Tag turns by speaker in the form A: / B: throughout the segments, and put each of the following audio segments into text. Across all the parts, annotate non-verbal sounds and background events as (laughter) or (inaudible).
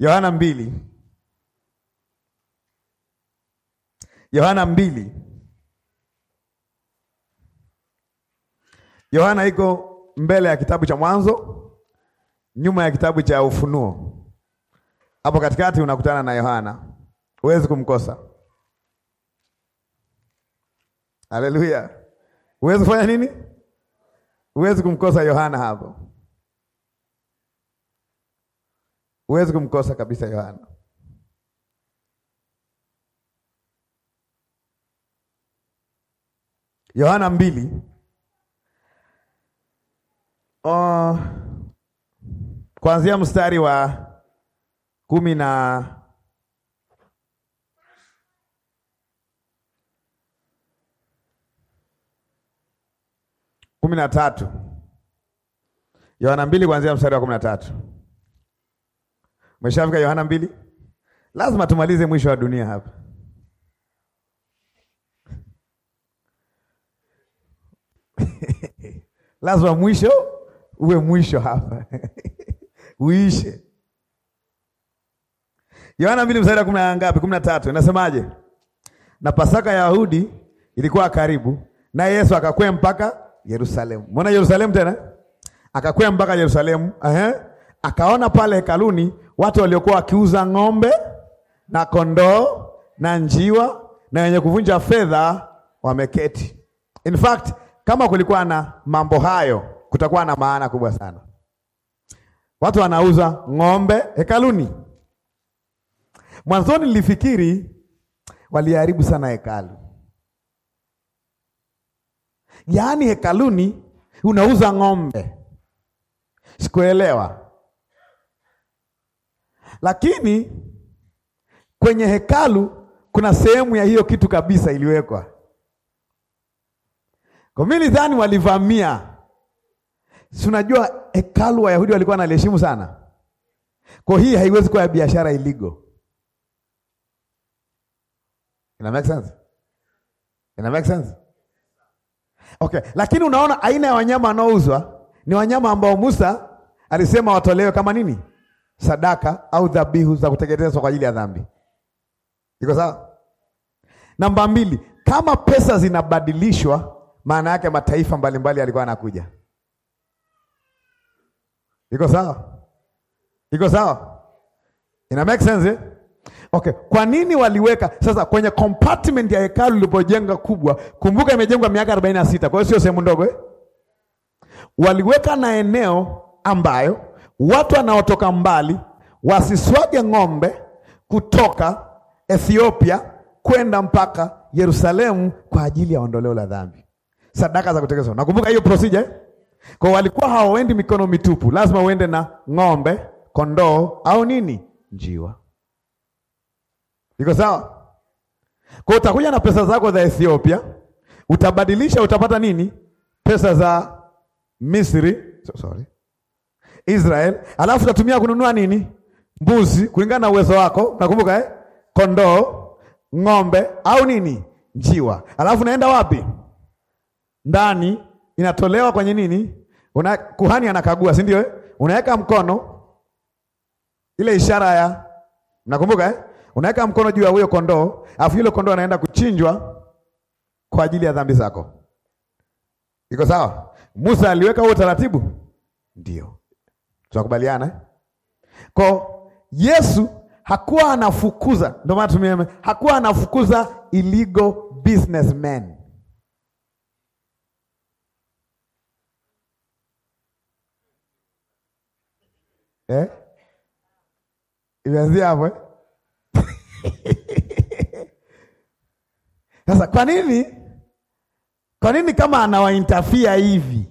A: Yohana mbili Yohana mbili Yohana iko mbele ya kitabu cha Mwanzo, nyuma ya kitabu cha Ufunuo, hapo katikati unakutana na Yohana, huwezi kumkosa. Haleluya! huwezi kufanya nini? Huwezi kumkosa Yohana hapo. Huwezi kumkosa kabisa Yohana. Yohana mbili uh, kuanzia mstari wa kumi na kumi na tatu Yohana mbili kuanzia mstari wa kumi na tatu Umeshafika Yohana mbili? Lazima tumalize mwisho wa dunia hapa. (laughs) Lazima mwisho uwe mwisho hapa. (laughs) Uishe. Yohana mbili mstari wa kumi na ngapi? kumi na tatu inasemaje? Na Pasaka ya Yahudi ilikuwa karibu, naye Yesu akakwea mpaka Yerusalemu. Mbona Yerusalemu tena? Akakwea mpaka Yerusalemu. Aha. Akaona pale hekaluni watu waliokuwa wakiuza ng'ombe na kondoo na njiwa na wenye kuvunja fedha wameketi. In fact, kama kulikuwa na mambo hayo, kutakuwa na maana kubwa sana. Watu wanauza ng'ombe hekaluni. Mwanzoni nilifikiri waliharibu sana hekalu, yaani hekaluni unauza ng'ombe. Sikuelewa lakini kwenye hekalu kuna sehemu ya hiyo kitu kabisa iliwekwa. Kwa mimi nidhani walivamia. Si unajua hekalu Wayahudi walikuwa wanaliheshimu sana. Kwa hii haiwezi kuwa ya biashara iligo. Ina make sense? Ina make sense? Okay, lakini unaona aina ya wanyama wanaouzwa ni wanyama ambao Musa alisema watolewe kama nini? sadaka au dhabihu za kuteketezwa kwa ajili ya dhambi. Iko sawa? Namba mbili, kama pesa zinabadilishwa, maana yake mataifa mbalimbali yalikuwa yanakuja. Iko sawa? Iko sawa? Ina make sense eh? Okay, kwa nini waliweka sasa kwenye compartment ya hekalu lilipojenga kubwa? Kumbuka imejengwa miaka 46, kwa hiyo sio sehemu ndogo eh? Waliweka na eneo ambayo watu wanaotoka mbali wasiswage ng'ombe kutoka Ethiopia kwenda mpaka Yerusalemu kwa ajili ya ondoleo la dhambi, sadaka za kuteketezwa. Nakumbuka hiyo procedure eh? kwa walikuwa hawaendi mikono mitupu, lazima uende na ng'ombe, kondoo au nini, njiwa. Iko sawa? Kwa utakuja na pesa zako za Ethiopia, utabadilisha, utapata nini? Pesa za Misri, so, sorry Israel, alafu utatumia kununua nini? Mbuzi kulingana na uwezo wako, nakumbuka eh? Kondoo, ng'ombe au nini, njiwa. Alafu naenda wapi? Ndani inatolewa kwenye nini? Una, kuhani anakagua, si ndio eh? Unaweka mkono, ile ishara ya nakumbuka eh? Unaweka mkono juu ya huyo kondoo, alafu yule kondoo anaenda kuchinjwa kwa ajili ya dhambi zako. Iko sawa? Musa aliweka huo taratibu, ndio Tunakubaliana eh? kwa Yesu hakuwa anafukuza, ndio maana tumia, hakuwa anafukuza illegal businessmen. Eh? Imeanzia hapo eh? (laughs) Sasa kwa nini, kwa nini kama anawaintafia hivi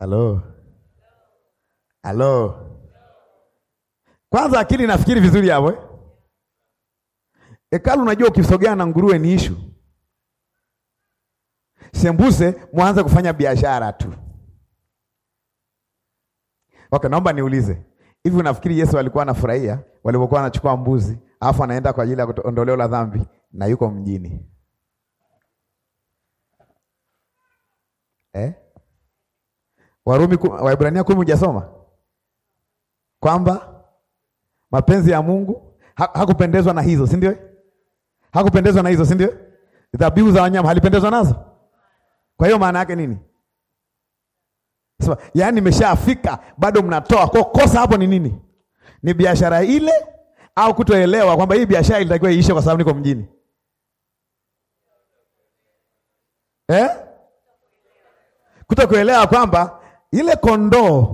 A: Halo, halo, kwanza akili nafikiri vizuri hapo eh? Hekalu unajua, ukisogea na nguruwe ni ishu. Sembuse mwanze kufanya biashara tu. Okay, naomba niulize hivi, unafikiri Yesu alikuwa anafurahia walipokuwa anachukua mbuzi alafu anaenda kwa ajili ya ondoleo la dhambi na yuko mjini eh? Warumi, Waibrania kumi hujasoma kwamba mapenzi ya Mungu ha hakupendezwa na hizo, si ndio? Hakupendezwa na hizo, si ndio? Dhabihu za wanyama halipendezwa nazo. Kwa hiyo maana yake nini? Sasa yaani, nimeshafika bado mnatoa. Kwa kosa hapo ni nini? Ni biashara ile au kutoelewa kwamba hii biashara ilitakiwa iishe kwa sababu niko mjini eh? Kutokuelewa kwamba ile kondoo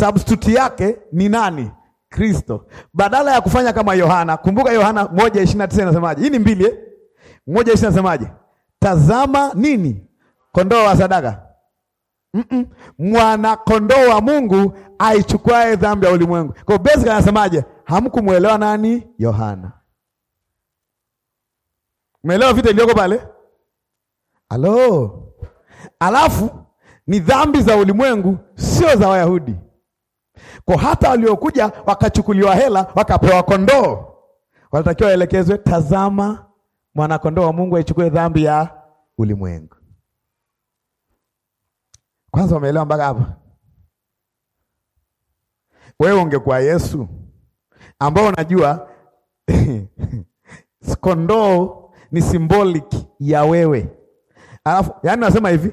A: substitute yake ni nani? Kristo. Badala ya kufanya kama Yohana, kumbuka Yohana 1:29 inasemaje? Hii ni mbili eh? 1:29 inasemaje? Tazama nini? Kondoo wa sadaka. Mm -mm. Mwana kondoo wa Mungu aichukuae dhambi ya ulimwengu. Kwa hiyo basically anasemaje? Hamkumuelewa nani? Yohana. Umeelewa vita iliyoko pale? Alo. Alafu ni dhambi za ulimwengu, sio za Wayahudi. Kwa hata waliokuja wakachukuliwa hela wakapewa kondoo, walitakiwa waelekezwe, tazama mwanakondoo wa Mungu aichukue dhambi ya ulimwengu. Kwanza wameelewa mpaka hapa? Wewe ungekuwa Yesu ambao unajua (laughs) kondoo ni symbolic ya wewe, alafu yaani nasema hivi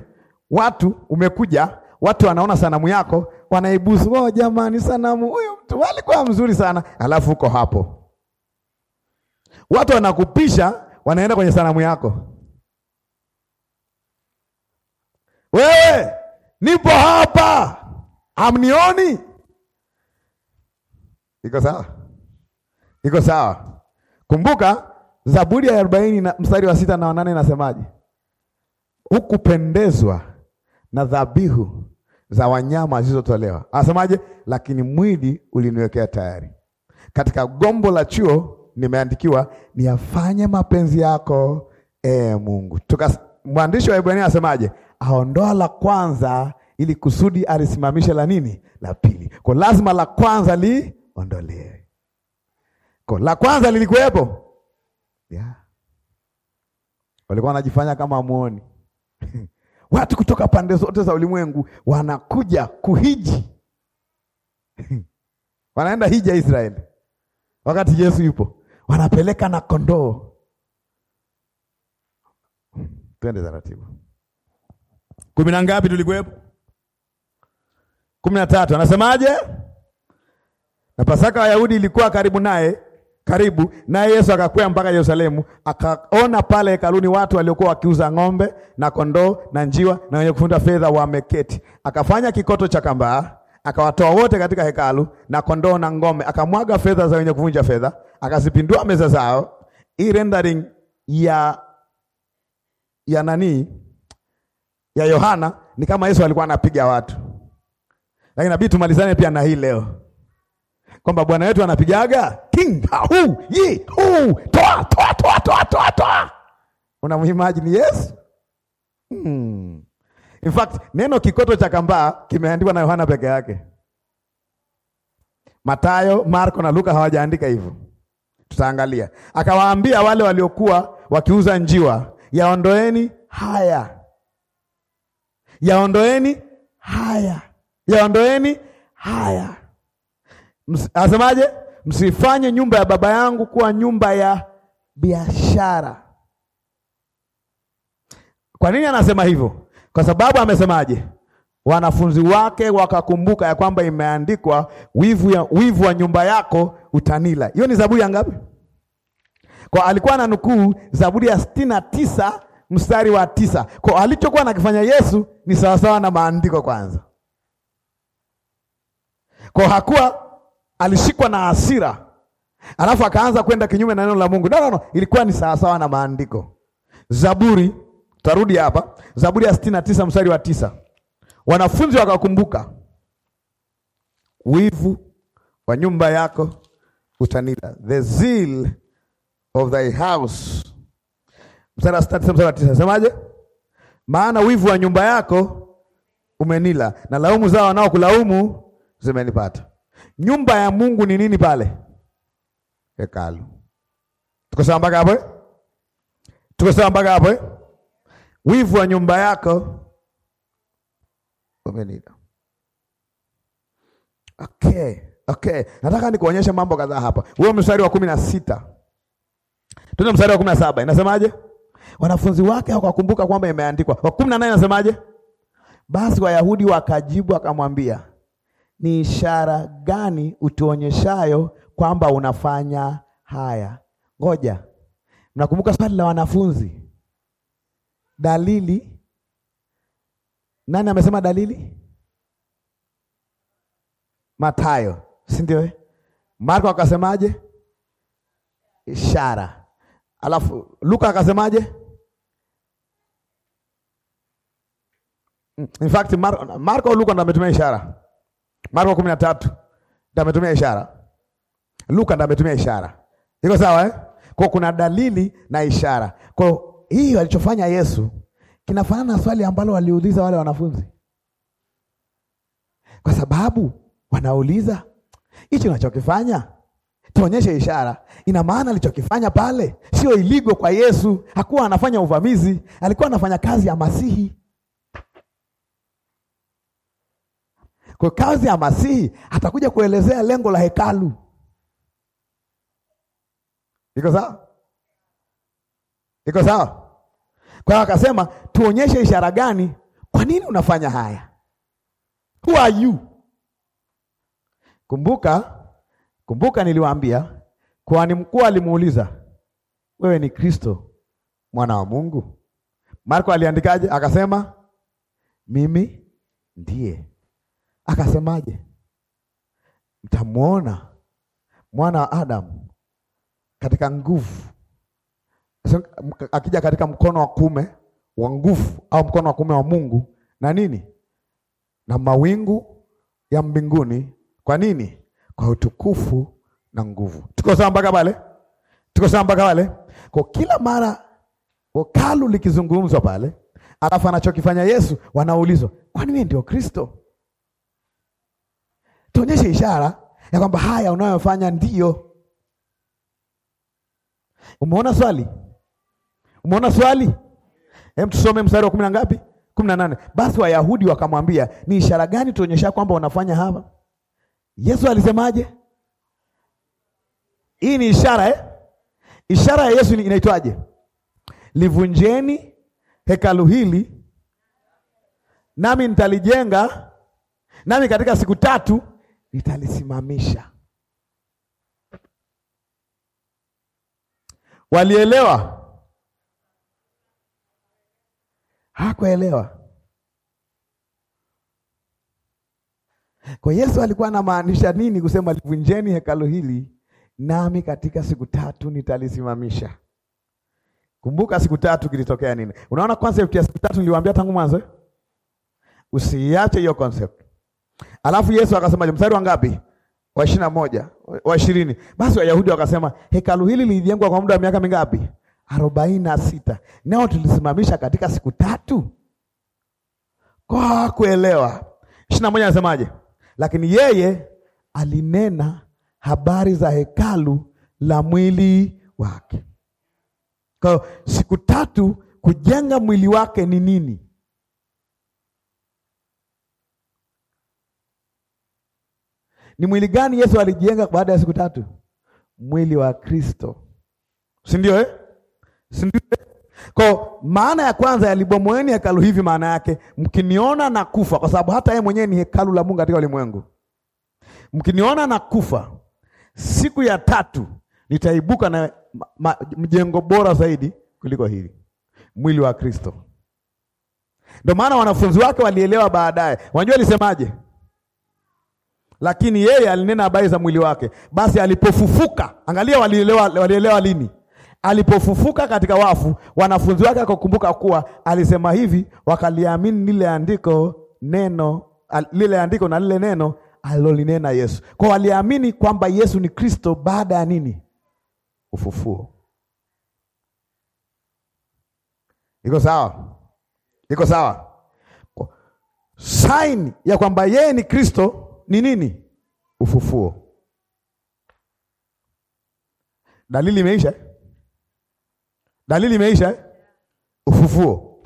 A: watu umekuja, watu wanaona sanamu yako wanaibusu. Oh, jamani, sanamu huyu mtu alikuwa mzuri sana, alafu uko hapo, watu wanakupisha, wanaenda kwenye sanamu yako. Wewe nipo hapa, amnioni Iko sawa? Iko sawa? Kumbuka Zaburi ya arobaini na mstari wa sita na wanane inasemaje? Hukupendezwa na dhabihu za wanyama zilizotolewa. Anasemaje? Lakini mwili uliniwekea tayari, katika gombo la chuo nimeandikiwa niyafanye mapenzi yako, e Mungu. Tuka, mwandishi wa Ibrania anasemaje? Aondoa la kwanza ili kusudi alisimamisha la nini, la pili. Kwa lazima la kwanza liondolewe. Kwa la kwanza lilikuwepo, yeah. Walikuwa wanajifanya kama muoni (laughs) Watu kutoka pande zote za ulimwengu wanakuja kuhiji (laughs) wanaenda hija Israeli wakati Yesu yupo, wanapeleka na kondoo. (laughs) Twende taratibu. kumi na ngapi tulikuwepo? kumi na tatu. Anasemaje? Na Pasaka Wayahudi ilikuwa karibu naye, karibu naye Yesu akakwea mpaka Yerusalemu, akaona pale hekaluni watu waliokuwa wakiuza ng'ombe na kondoo na njiwa na wenye kufunda fedha wameketi. Akafanya kikoto cha kambaa, akawatoa wote katika hekalu na kondoo na ng'ombe, akamwaga fedha za wenye kuvunja fedha, akazipindua meza zao. Hii rendering ya ya nani ya Yohana ni kama Yesu alikuwa anapiga watu, lakini nabii tumalizane pia na hii leo kwamba Bwana wetu anapigaga kinga hu yi hu toa toa toa toa toa toa. Unamwimagine Yesu? Hmm. In fact, neno kikoto cha kambaa kimeandikwa na Yohana peke yake. Matayo, Marko na Luka hawajaandika hivyo. Tutaangalia. Akawaambia wale waliokuwa wakiuza njiwa, yaondoeni haya. Yaondoeni haya. Yaondoeni haya. Asemaje? Msifanye nyumba ya Baba yangu kuwa nyumba ya biashara. Kwa nini anasema hivyo? Kwa sababu amesemaje? Wanafunzi wake wakakumbuka ya kwamba imeandikwa, wivu ya, wivu wa nyumba yako utanila. Hiyo ni Zaburi ya ngapi? Kwa alikuwa na nukuu Zaburi ya sitini na tisa mstari wa tisa. Kwa alichokuwa nakifanya Yesu ni sawasawa na maandiko kwanza. Kwa hakuwa alishikwa na hasira, alafu akaanza kwenda kinyume na neno la Mungu. No, no, no. Ilikuwa ni sawasawa na maandiko. Zaburi, tarudi hapa, Zaburi ya sitini na tisa mstari wa tisa wanafunzi wakakumbuka wivu wa nyumba yako utanila, the zeal of thy house. Mstari wa sitini na tisa mstari wa tisa semaje? Maana wivu wa nyumba yako umenila na laumu zao kulaumu zimenipata. Nyumba ya Mungu ni nini pale? Hekalu. Tuko sawa mpaka hapo? Eh? Tuko sawa mpaka hapo? Eh? Wivu wa nyumba yako Okay, okay. Nataka nikuonyeshe mambo kadhaa hapa. Huo mstari wa kumi na sita tuende mstari wa kumi na saba inasemaje? Wanafunzi wake hawakukumbuka kwamba imeandikwa. Wa kumi na nane inasemaje? Basi Wayahudi wakajibu akamwambia ni ishara gani utuonyeshayo kwamba unafanya haya? Ngoja, mnakumbuka swali la wanafunzi, dalili. Nani amesema dalili? matayo si ndio? Eh? Marko akasemaje? Ishara. Alafu Luka akasemaje? In fact Marko Luka ndo ametumia ishara Marko kumi na tatu ndio ametumia ishara, Luka ndio ametumia ishara. Iko sawa eh? Kwa kuna dalili na ishara. Kwa hiyo alichofanya Yesu kinafanana na swali ambalo waliuliza wale wanafunzi, kwa sababu wanauliza hichi unachokifanya tuonyeshe ishara. Ina maana alichokifanya pale sio iligo kwa Yesu, hakuwa anafanya uvamizi, alikuwa anafanya kazi ya Masihi. Kwa kazi ya Masihi atakuja kuelezea lengo la hekalu. Iko sawa? Iko sawa? Kwa hiyo akasema, tuonyeshe ishara gani? Kwa nini unafanya haya? Who are you? Kumbuka, kumbuka niliwaambia kwani mkuu alimuuliza, wewe ni Kristo mwana wa Mungu? Marko aliandikaje? Akasema mimi ndiye Akasemaje? Mtamwona mwana wa Adamu katika nguvu, akija katika mkono wa kume wa nguvu, au mkono wa kume wa Mungu na nini, na mawingu ya mbinguni. Kwa nini? Kwa utukufu na nguvu. Tuko sawa mpaka pale? Tuko sawa mpaka pale? Kwa kila mara kalu likizungumzwa pale, alafu anachokifanya Yesu, wanaulizwa kwani wewe ndio Kristo? tuonyeshe ishara ya kwamba haya unayofanya ndiyo. Umeona swali? Umeona swali? Hem, tusome mstari wa kumi na ngapi? kumi na nane. Basi Wayahudi wakamwambia, ni ishara gani tuonyesha kwamba unafanya hapa? Yesu alisemaje? Hii ni ishara eh? Ishara ya Yesu inaitwaje? Livunjeni hekalu hili nami nitalijenga, nami katika siku tatu nitalisimamisha. Walielewa? Hakuelewa. Kwa Yesu alikuwa anamaanisha nini kusema livunjeni hekalu hili nami katika siku tatu nitalisimamisha? Kumbuka siku tatu kilitokea nini? Unaona concept ya siku tatu niliwaambia tangu mwanzo. Usiiache hiyo concept. Alafu Yesu akasema mstari wa ngapi? Wa ishirini na moja, wa ishirini. Basi Wayahudi wakasema hekalu hili lilijengwa kwa muda wa miaka mingapi? arobaini na sita, nao tulisimamisha katika siku tatu. Kwa kuelewa ishirini na moja anasemaje? Lakini yeye alinena habari za hekalu la mwili wake. Kwa siku tatu kujenga mwili wake ni nini? Ni mwili gani Yesu alijenga baada ya siku tatu? Mwili wa Kristo, si ndio eh? si ndio eh? Kwa maana ya kwanza yalibomoeni hekalu hivi, maana yake mkiniona na kufa, kwa sababu hata yeye mwenyewe ni hekalu la Mungu katika ulimwengu. Mkiniona na kufa, siku ya tatu nitaibuka na mjengo bora zaidi kuliko hili, mwili wa Kristo. Ndio maana wanafunzi wake walielewa baadaye. Wanajua alisemaje? lakini yeye alinena habari za mwili wake. Basi alipofufuka, angalia, walielewa, walielewa lini? Alipofufuka katika wafu, wanafunzi wake akakumbuka kuwa alisema hivi, wakaliamini lile andiko neno al, lile andiko na lile neno alilolinena Yesu. Kwa waliamini kwamba Yesu ni Kristo baada ya nini? Ufufuo. Iko sawa? Iko sawa? Saini ya kwamba yeye ni Kristo ni nini? Ufufuo. Dalili imeisha, dalili imeisha, ufufuo.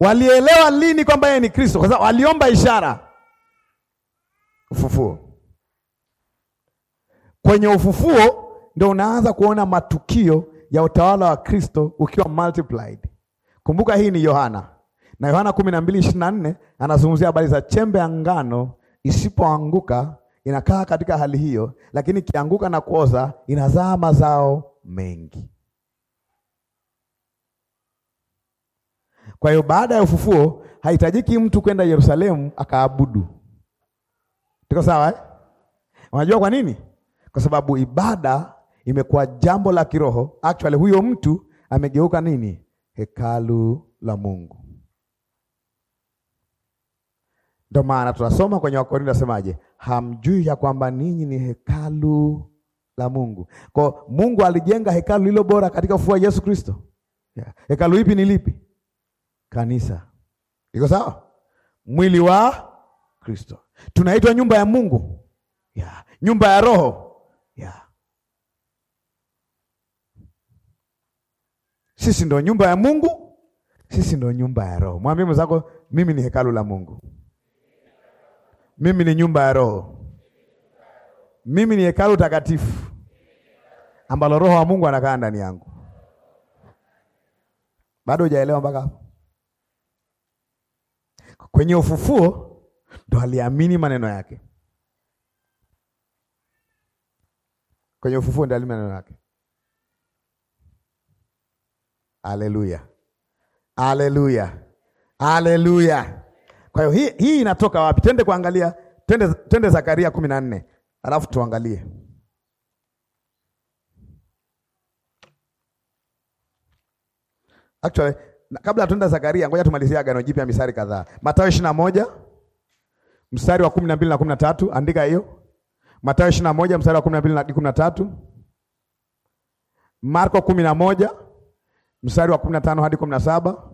A: Walielewa lini kwamba yeye ni Kristo? Kwa sababu waliomba ishara. Ufufuo. Kwenye ufufuo ndio unaanza kuona matukio ya utawala wa Kristo ukiwa multiplied. Kumbuka hii ni Yohana na Yohana 12:24 anazungumzia habari za chembe ya ngano isipoanguka inakaa katika hali hiyo, lakini ikianguka na kuoza inazaa mazao mengi. Kwa hiyo baada ya ufufuo haitajiki mtu kwenda Yerusalemu akaabudu. Tuko sawa eh? Unajua kwa nini? Kwa sababu ibada imekuwa jambo la kiroho. Actually huyo mtu amegeuka nini? Hekalu la Mungu. Ndio maana tunasoma kwenye Wakorintho asemaje, hamjui ya kwamba ninyi ni hekalu la Mungu. Kwa Mungu alijenga hekalu lilo bora katika ufufuo Yesu Kristo. Hekalu ipi ni lipi? Kanisa. Iko sawa? Mwili wa Kristo. Tunaitwa nyumba ya Mungu. Yeah. Nyumba ya Roho. Yeah. Sisi ndo nyumba ya Mungu. Sisi ndo nyumba ya Roho. Mwambie mwenzako mimi ni hekalu la Mungu mimi ni nyumba ya Roho, mimi ni hekalu takatifu ambalo Roho wa Mungu anakaa ndani yangu. Bado hujaelewa mpaka hapo? Kwenye ufufuo ndo aliamini maneno yake, kwenye ufufuo ndo aliamini maneno yake. Haleluya, haleluya, haleluya! Kwa hiyo hii, hii inatoka wapi? tende kuangalia, tende tende Zakaria kumi na nne alafu tuangalie Actually, kabla tuenda Zakaria, ngoja tumalizie Agano Jipya misari kadhaa. Mathayo ishirini na moja mstari wa kumi na mbili na kumi na tatu andika hiyo. Mathayo ishirini na moja mstari wa kumi na mbili na kumi na tatu Marko kumi na moja mstari wa kumi na tano hadi kumi na saba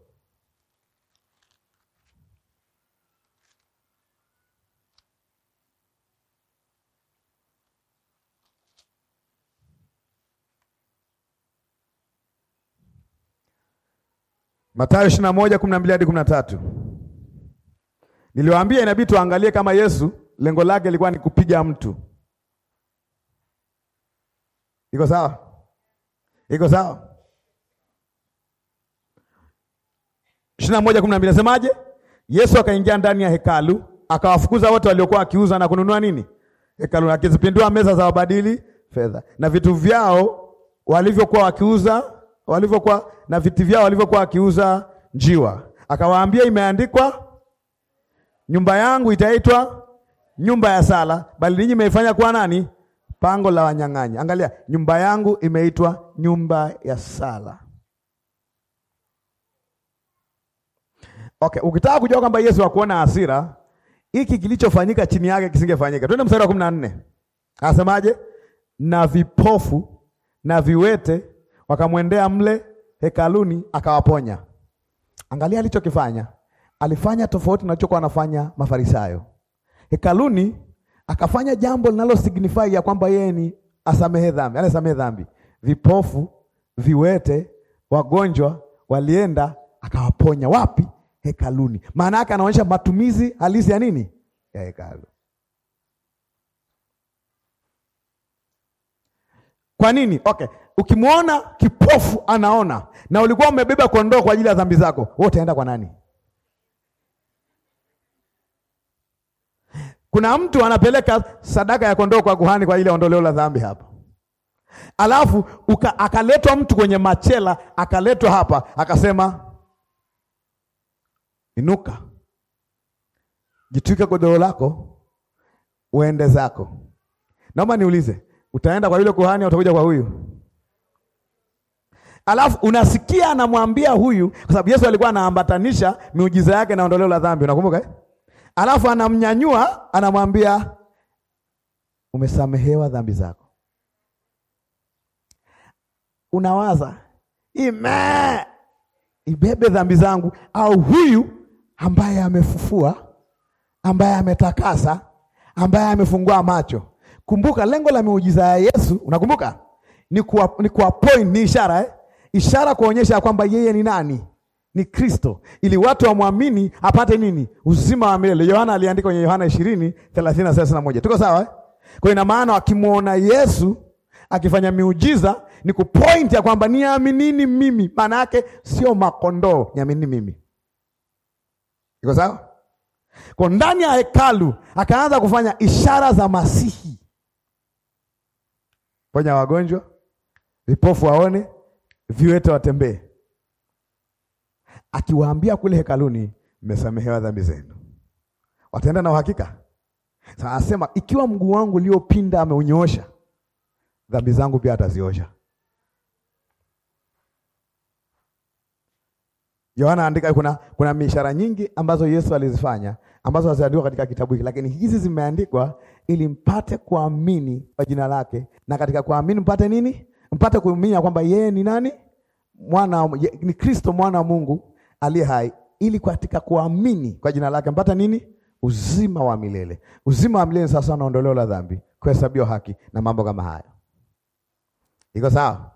A: Mathayo 21:12 hadi 13. Niliwaambia inabidi tuangalie kama Yesu lengo lake lilikuwa ni kupiga mtu. Iko sawa? Iko sawa? 21:12 nasemaje? Yesu akaingia ndani ya hekalu, akawafukuza wote waliokuwa akiuza na kununua nini? Hekalu, akizipindua meza za wabadili fedha na vitu vyao walivyokuwa wakiuza walivyokuwa na viti vyao walivyokuwa akiuza njiwa, akawaambia imeandikwa, nyumba yangu itaitwa nyumba ya sala, bali ninyi mmeifanya kuwa nani? Pango la wanyang'anyi. Angalia, nyumba yangu imeitwa nyumba ya sala. Okay, ukitaka kujua kwamba Yesu hakuona hasira, hiki kilichofanyika chini yake kisingefanyika. Twende mstari wa kumi na nne. Anasemaje? Na vipofu na viwete wakamwendea mle hekaluni akawaponya. Angalia alichokifanya, alifanya tofauti na alichokuwa anafanya Mafarisayo. Hekaluni akafanya jambo linalo signify ya kwamba yeye ni asamehe dhambi, yani asamehe dhambi. Vipofu, viwete, wagonjwa walienda akawaponya. Wapi? Hekaluni. Maana yake anaonyesha matumizi halisi ya nini, ya hekalu. Kwa nini? Okay. Ukimwona kipofu anaona na ulikuwa umebeba kondoo kwa ajili ya dhambi zako, wewe utaenda kwa nani? Kuna mtu anapeleka sadaka ya kondoo kwa kuhani kwa ajili ya ondoleo la dhambi hapa, alafu akaletwa mtu kwenye machela, akaletwa hapa, akasema inuka, jitwike godoro lako uende zako. Naomba niulize, utaenda kwa yule kuhani au utakuja kwa huyu? Alafu unasikia anamwambia huyu, kwa sababu Yesu alikuwa anaambatanisha miujiza yake na ondoleo la dhambi, unakumbuka eh? Alafu anamnyanyua anamwambia, umesamehewa dhambi zako. Unawaza ime ibebe dhambi zangu, au huyu ambaye amefufua, ambaye ametakasa, ambaye amefungua macho. Kumbuka lengo la miujiza ya Yesu, unakumbuka ni kuwa, ni kuwa point, ni ishara eh? ishara kuonyesha ya kwamba yeye ni nani? Ni Kristo, ili watu wamwamini apate nini? Uzima wa milele. Yohana aliandika kwenye Yohana 20:31. 30 Tuko sawa eh? Kwa ina maana akimwona Yesu akifanya miujiza ni kupoint ya kwamba niaminini mimi, maana yake sio makondoo, niaminini mimi. Iko sawa? Kwa ndani ya hekalu akaanza kufanya ishara za Masihi, ponya wagonjwa, vipofu waone viwete watembee, akiwaambia kule hekaluni, mmesamehewa dhambi zenu, wataenda na uhakika. Sasa asema ikiwa mguu wangu uliopinda ameunyoosha, dhambi zangu pia ataziosha. Yohana andika, kuna kuna mishara nyingi ambazo Yesu alizifanya ambazo haziandikwa katika kitabu hiki, lakini hizi zimeandikwa ili mpate kuamini kwa jina lake, na katika kuamini mpate nini? mpate kuamini kwamba yeye ni nani? Mwana ni Kristo mwana wa Mungu aliye hai, ili katika kuamini kwa jina lake mpate nini? Uzima wa milele. Uzima wa milele sasa na ondoleo la dhambi, kuhesabiwa haki na mambo kama hayo. Iko sawa?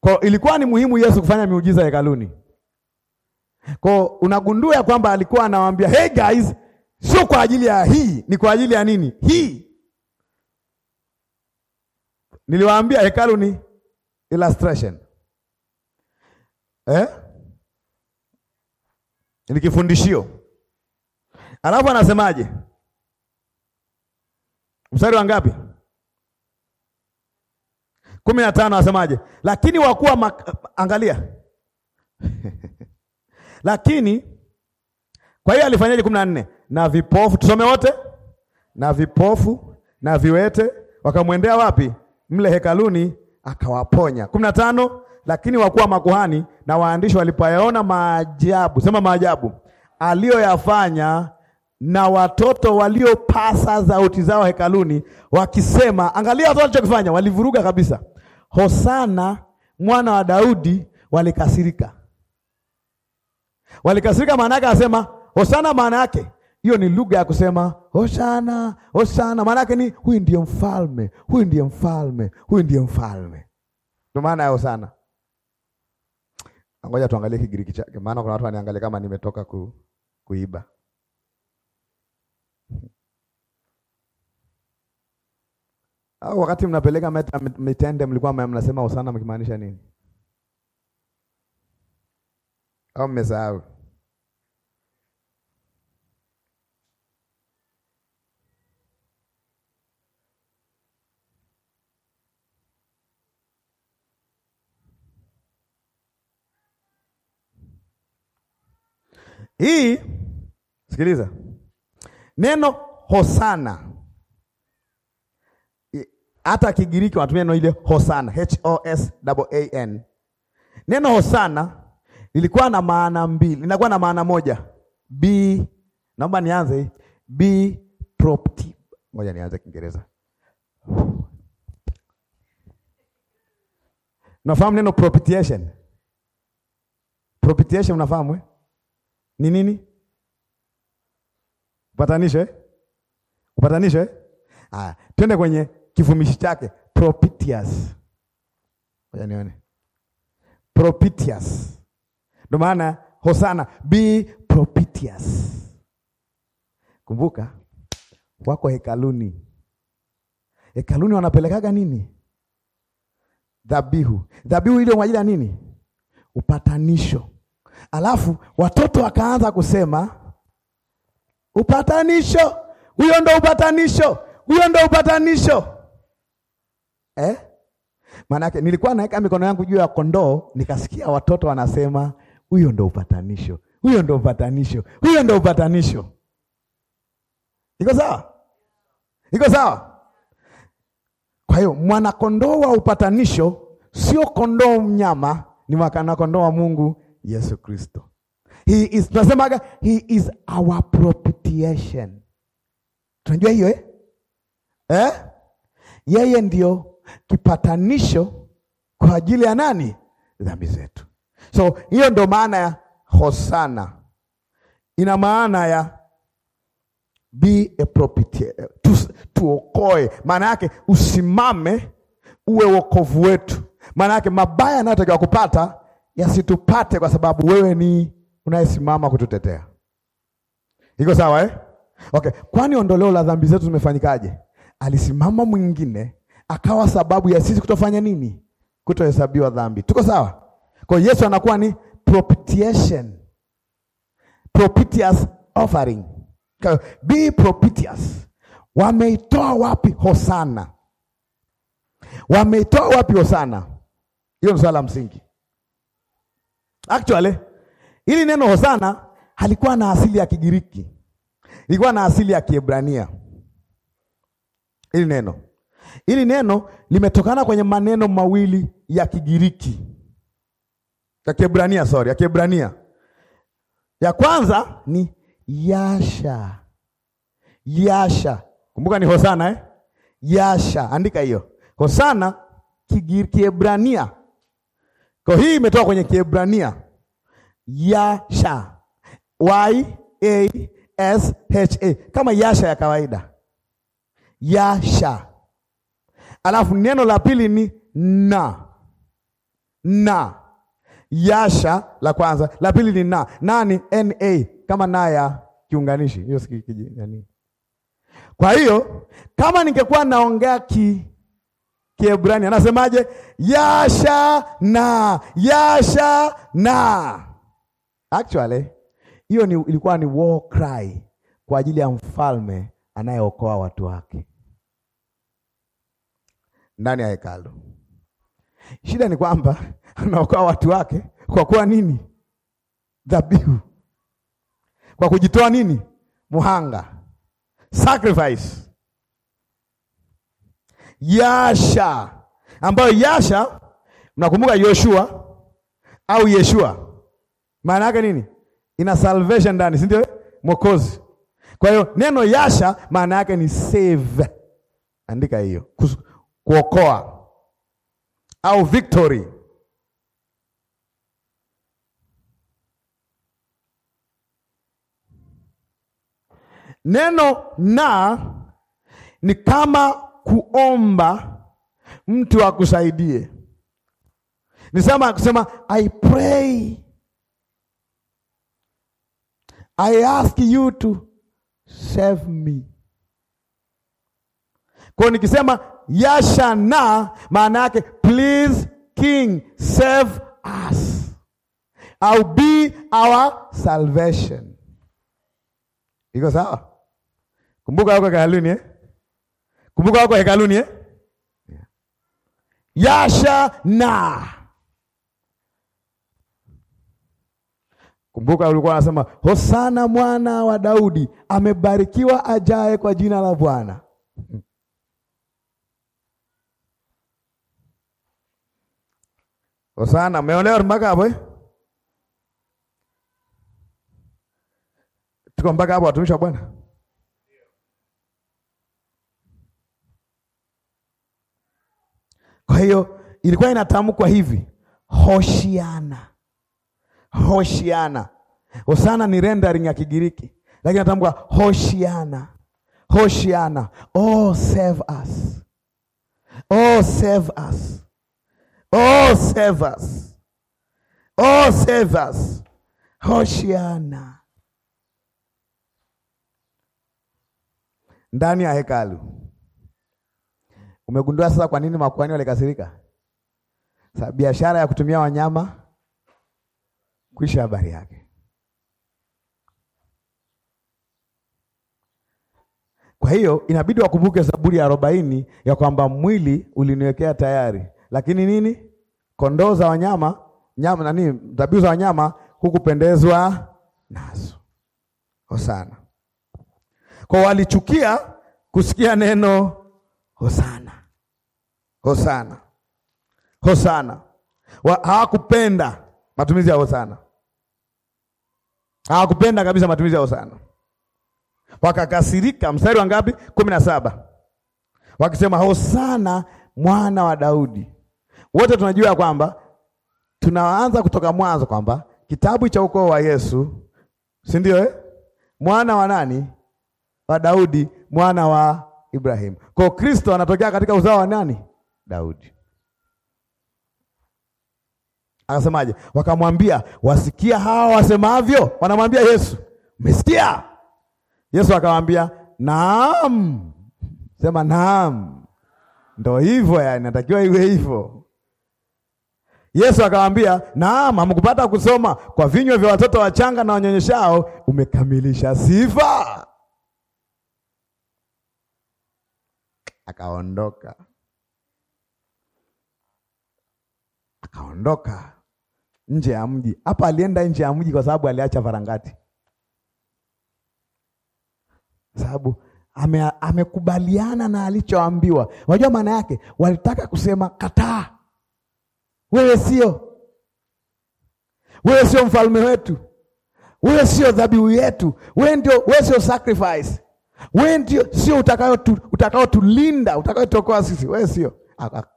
A: Kwa ilikuwa ni muhimu Yesu kufanya miujiza hekaluni. Kwa unagundua kwamba alikuwa anawaambia hey guys, sio kwa ajili ya hii, ni kwa ajili ya nini? Hii Niliwaambia hekalu ni illustration eh? Ni kifundishio. Alafu anasemaje? Mstari wa ngapi? kumi na tano anasemaje? Lakini wakuwa mak... angalia (laughs) lakini kwa hiyo alifanyaje? kumi na nne na vipofu, tusome wote, na vipofu na viwete wakamwendea wapi? mle hekaluni akawaponya. kumi na tano. Lakini wakuu wa makuhani na waandishi walipoyaona maajabu, sema maajabu aliyoyafanya na watoto waliopasa sauti zao hekaluni wakisema, angalia watu walichokifanya, walivuruga kabisa, Hosana mwana wa Daudi, walikasirika. Walikasirika maana yake, anasema Hosana maana yake hiyo ni lugha ya kusema Hosana, Hosana. Maana yake ni huyu ndiye mfalme, huyu ndiye mfalme, huyu ndiye mfalme. Ndio maana ya Hosana. Ngoja tuangalie Kigiriki chake, maana kuna watu waniangalia kama nimetoka ku, kuiba. Au wakati mnapeleka meta mitende mlikuwa mnasema Hosana mkimaanisha nini? Au mmesahau? Hii sikiliza, neno hosana, hata Kigiriki wanatumia neno ile hosana, H O S A N. Neno hosana lilikuwa na maana mbili, linakuwa na maana moja b, naomba nianze b property. Ngoja nianze Kiingereza. Unafahamu neno propitiation? Propitiation unafahamu eh? ni nini? Upatanisho eh? Upatanisho eh? twende kwenye kivumishi chake propitious. Ngoja nione. Propitious. Ndio maana Hosana be propitious. Kumbuka wako hekaluni. Hekaluni wanapelekaga nini? Dhabihu. Dhabihu ile kwa ajili ya nini? Upatanisho. Alafu watoto wakaanza kusema upatanisho, huyo ndo upatanisho, huyo ndo upatanisho eh? yake nilikuwa naweka mikono yangu juu ya kondoo, nikasikia watoto wanasema huyo ndo upatanisho, huyo ndo upatanisho, huyo ndo upatanisho. Iko sawa? Iko sawa? Kwa hiyo mwanakondoo wa upatanisho sio kondoo mnyama, ni mwanakondoo wa Mungu Yesu Kristo. He is tunasemaga he is our propitiation. Tunajua hiyo eh? Eh? Yeye ndio kipatanisho kwa ajili ya nani? Dhambi zetu. So hiyo ndo maana ya Hosana, ina maana ya be a propitiation, tuokoe. Maana yake usimame uwe wokovu wetu. Maana yake mabaya anayotakiwa kupata yasitupate, kwa sababu wewe ni unayesimama kututetea. Iko sawa eh? Okay, kwani ondoleo la dhambi zetu zimefanyikaje? Alisimama mwingine akawa sababu ya sisi kutofanya nini? Kutohesabiwa dhambi. Tuko sawa? Kwa Yesu anakuwa ni propitiation. Propitious offering. Be propitious. Wameitoa wapi hosana? Wameitoa wapi hosana? Hiyo ni swala msingi. Actually, hili neno Hosana halikuwa na asili ya Kigiriki, ilikuwa na asili ya Kiebrania. Hili neno hili neno limetokana kwenye maneno mawili ya Kigiriki ya Kiebrania, sorry, ya Kiebrania. Ya kwanza ni yasha, yasha. Kumbuka ni Hosana eh? Yasha, andika hiyo Hosana Kigiriki, Kiebrania kwa hii imetoka kwenye Kiebrania yasha y a s h a kama yasha ya kawaida yasha, alafu neno la pili ni na na yasha la kwanza, la pili ni na nani, na kama na ya kiunganishi hiyo, si yani. Kwa hiyo kama ningekuwa naongea ki Kiebrani anasemaje? Yasha na yasha na. Actually hiyo ni, ilikuwa ni war cry kwa ajili ya mfalme anayeokoa watu wake ndani ya hekalu. Shida ni kwamba anaokoa (laughs) watu wake kwa kuwa nini? Dhabihu, kwa kujitoa nini? Muhanga, sacrifice Yasha, ambayo Yasha mnakumbuka Yoshua au Yeshua, maana yake nini? Ina salvation ndani, si ndio? Mwokozi. Kwa hiyo neno Yasha maana yake ni save, andika hiyo, kuokoa au victory Neno na ni kama kuomba mtu akusaidie. Ni sema kusema I pray I ask you to save me. Kwa nikisema yashana, maana yake please king save us au be our salvation. Iko sawa? Kumbuka huko Kahaluni eh? Kumbuka wako hekaluni eh? Yeah. Yasha na kumbuka, ulikuwa unasema Hosana mwana wa Daudi, amebarikiwa ajaye kwa jina la Bwana. Hosana, umeolewa mpaka hapo eh? Tuko mpaka hapo watumishi wa Bwana. Kwa hiyo ilikuwa inatamkwa hivi, Hoshiana, Hoshiana. Hosana ni rendering ya Kigiriki, lakini inatamkwa Hoshiana, Hoshiana. Oh, save us. Oh, save us. Oh, save us. Oh, save us. Hoshiana ndani ya hekalu Umegundua sasa kwa nini makuhani walikasirika? Sababu biashara ya kutumia wanyama kuisha habari yake. Kwa hiyo inabidi wakumbuke Zaburi ya arobaini ya kwamba mwili uliniwekea tayari, lakini nini, kondoo za wanyama nyama nani, dhabihu za wanyama hukupendezwa nazo. Hosana kwa walichukia kusikia neno Hosana. Hosana, hosana. Hawakupenda matumizi ya hosana, hawakupenda kabisa matumizi ya hosana, wakakasirika. Mstari wa ngapi? kumi na saba, wakisema hosana mwana wa Daudi. Wote tunajua kwamba tunaanza kutoka mwanzo kwamba kitabu cha ukoo wa Yesu, si ndio eh? mwana wa nani? wa Daudi, mwana wa Ibrahimu. Kwa Kristo anatokea katika uzao wa nani? Daudi. Akasemaje? Wakamwambia, wasikia hawa wasemavyo? Wanamwambia Yesu, umesikia? Yesu akamwambia, naam. Sema naam, ndo hivyo yani, natakiwa iwe hivyo. Yesu akamwambia, naam, hamkupata kusoma kwa vinywa vya watoto wachanga na wanyonyeshao umekamilisha sifa. Akaondoka. Kaondoka nje ya mji. Hapa alienda nje ya mji kwa sababu aliacha varangati, sababu ame, amekubaliana na alichoambiwa. Unajua maana yake, walitaka kusema kataa, wewe sio, wewe sio mfalme wetu, wewe sio dhabihu yetu, wewe ndio, wewe sio sacrifice, wewe ndio sio utakayotulinda, utakayotuokoa sisi, wewe sio.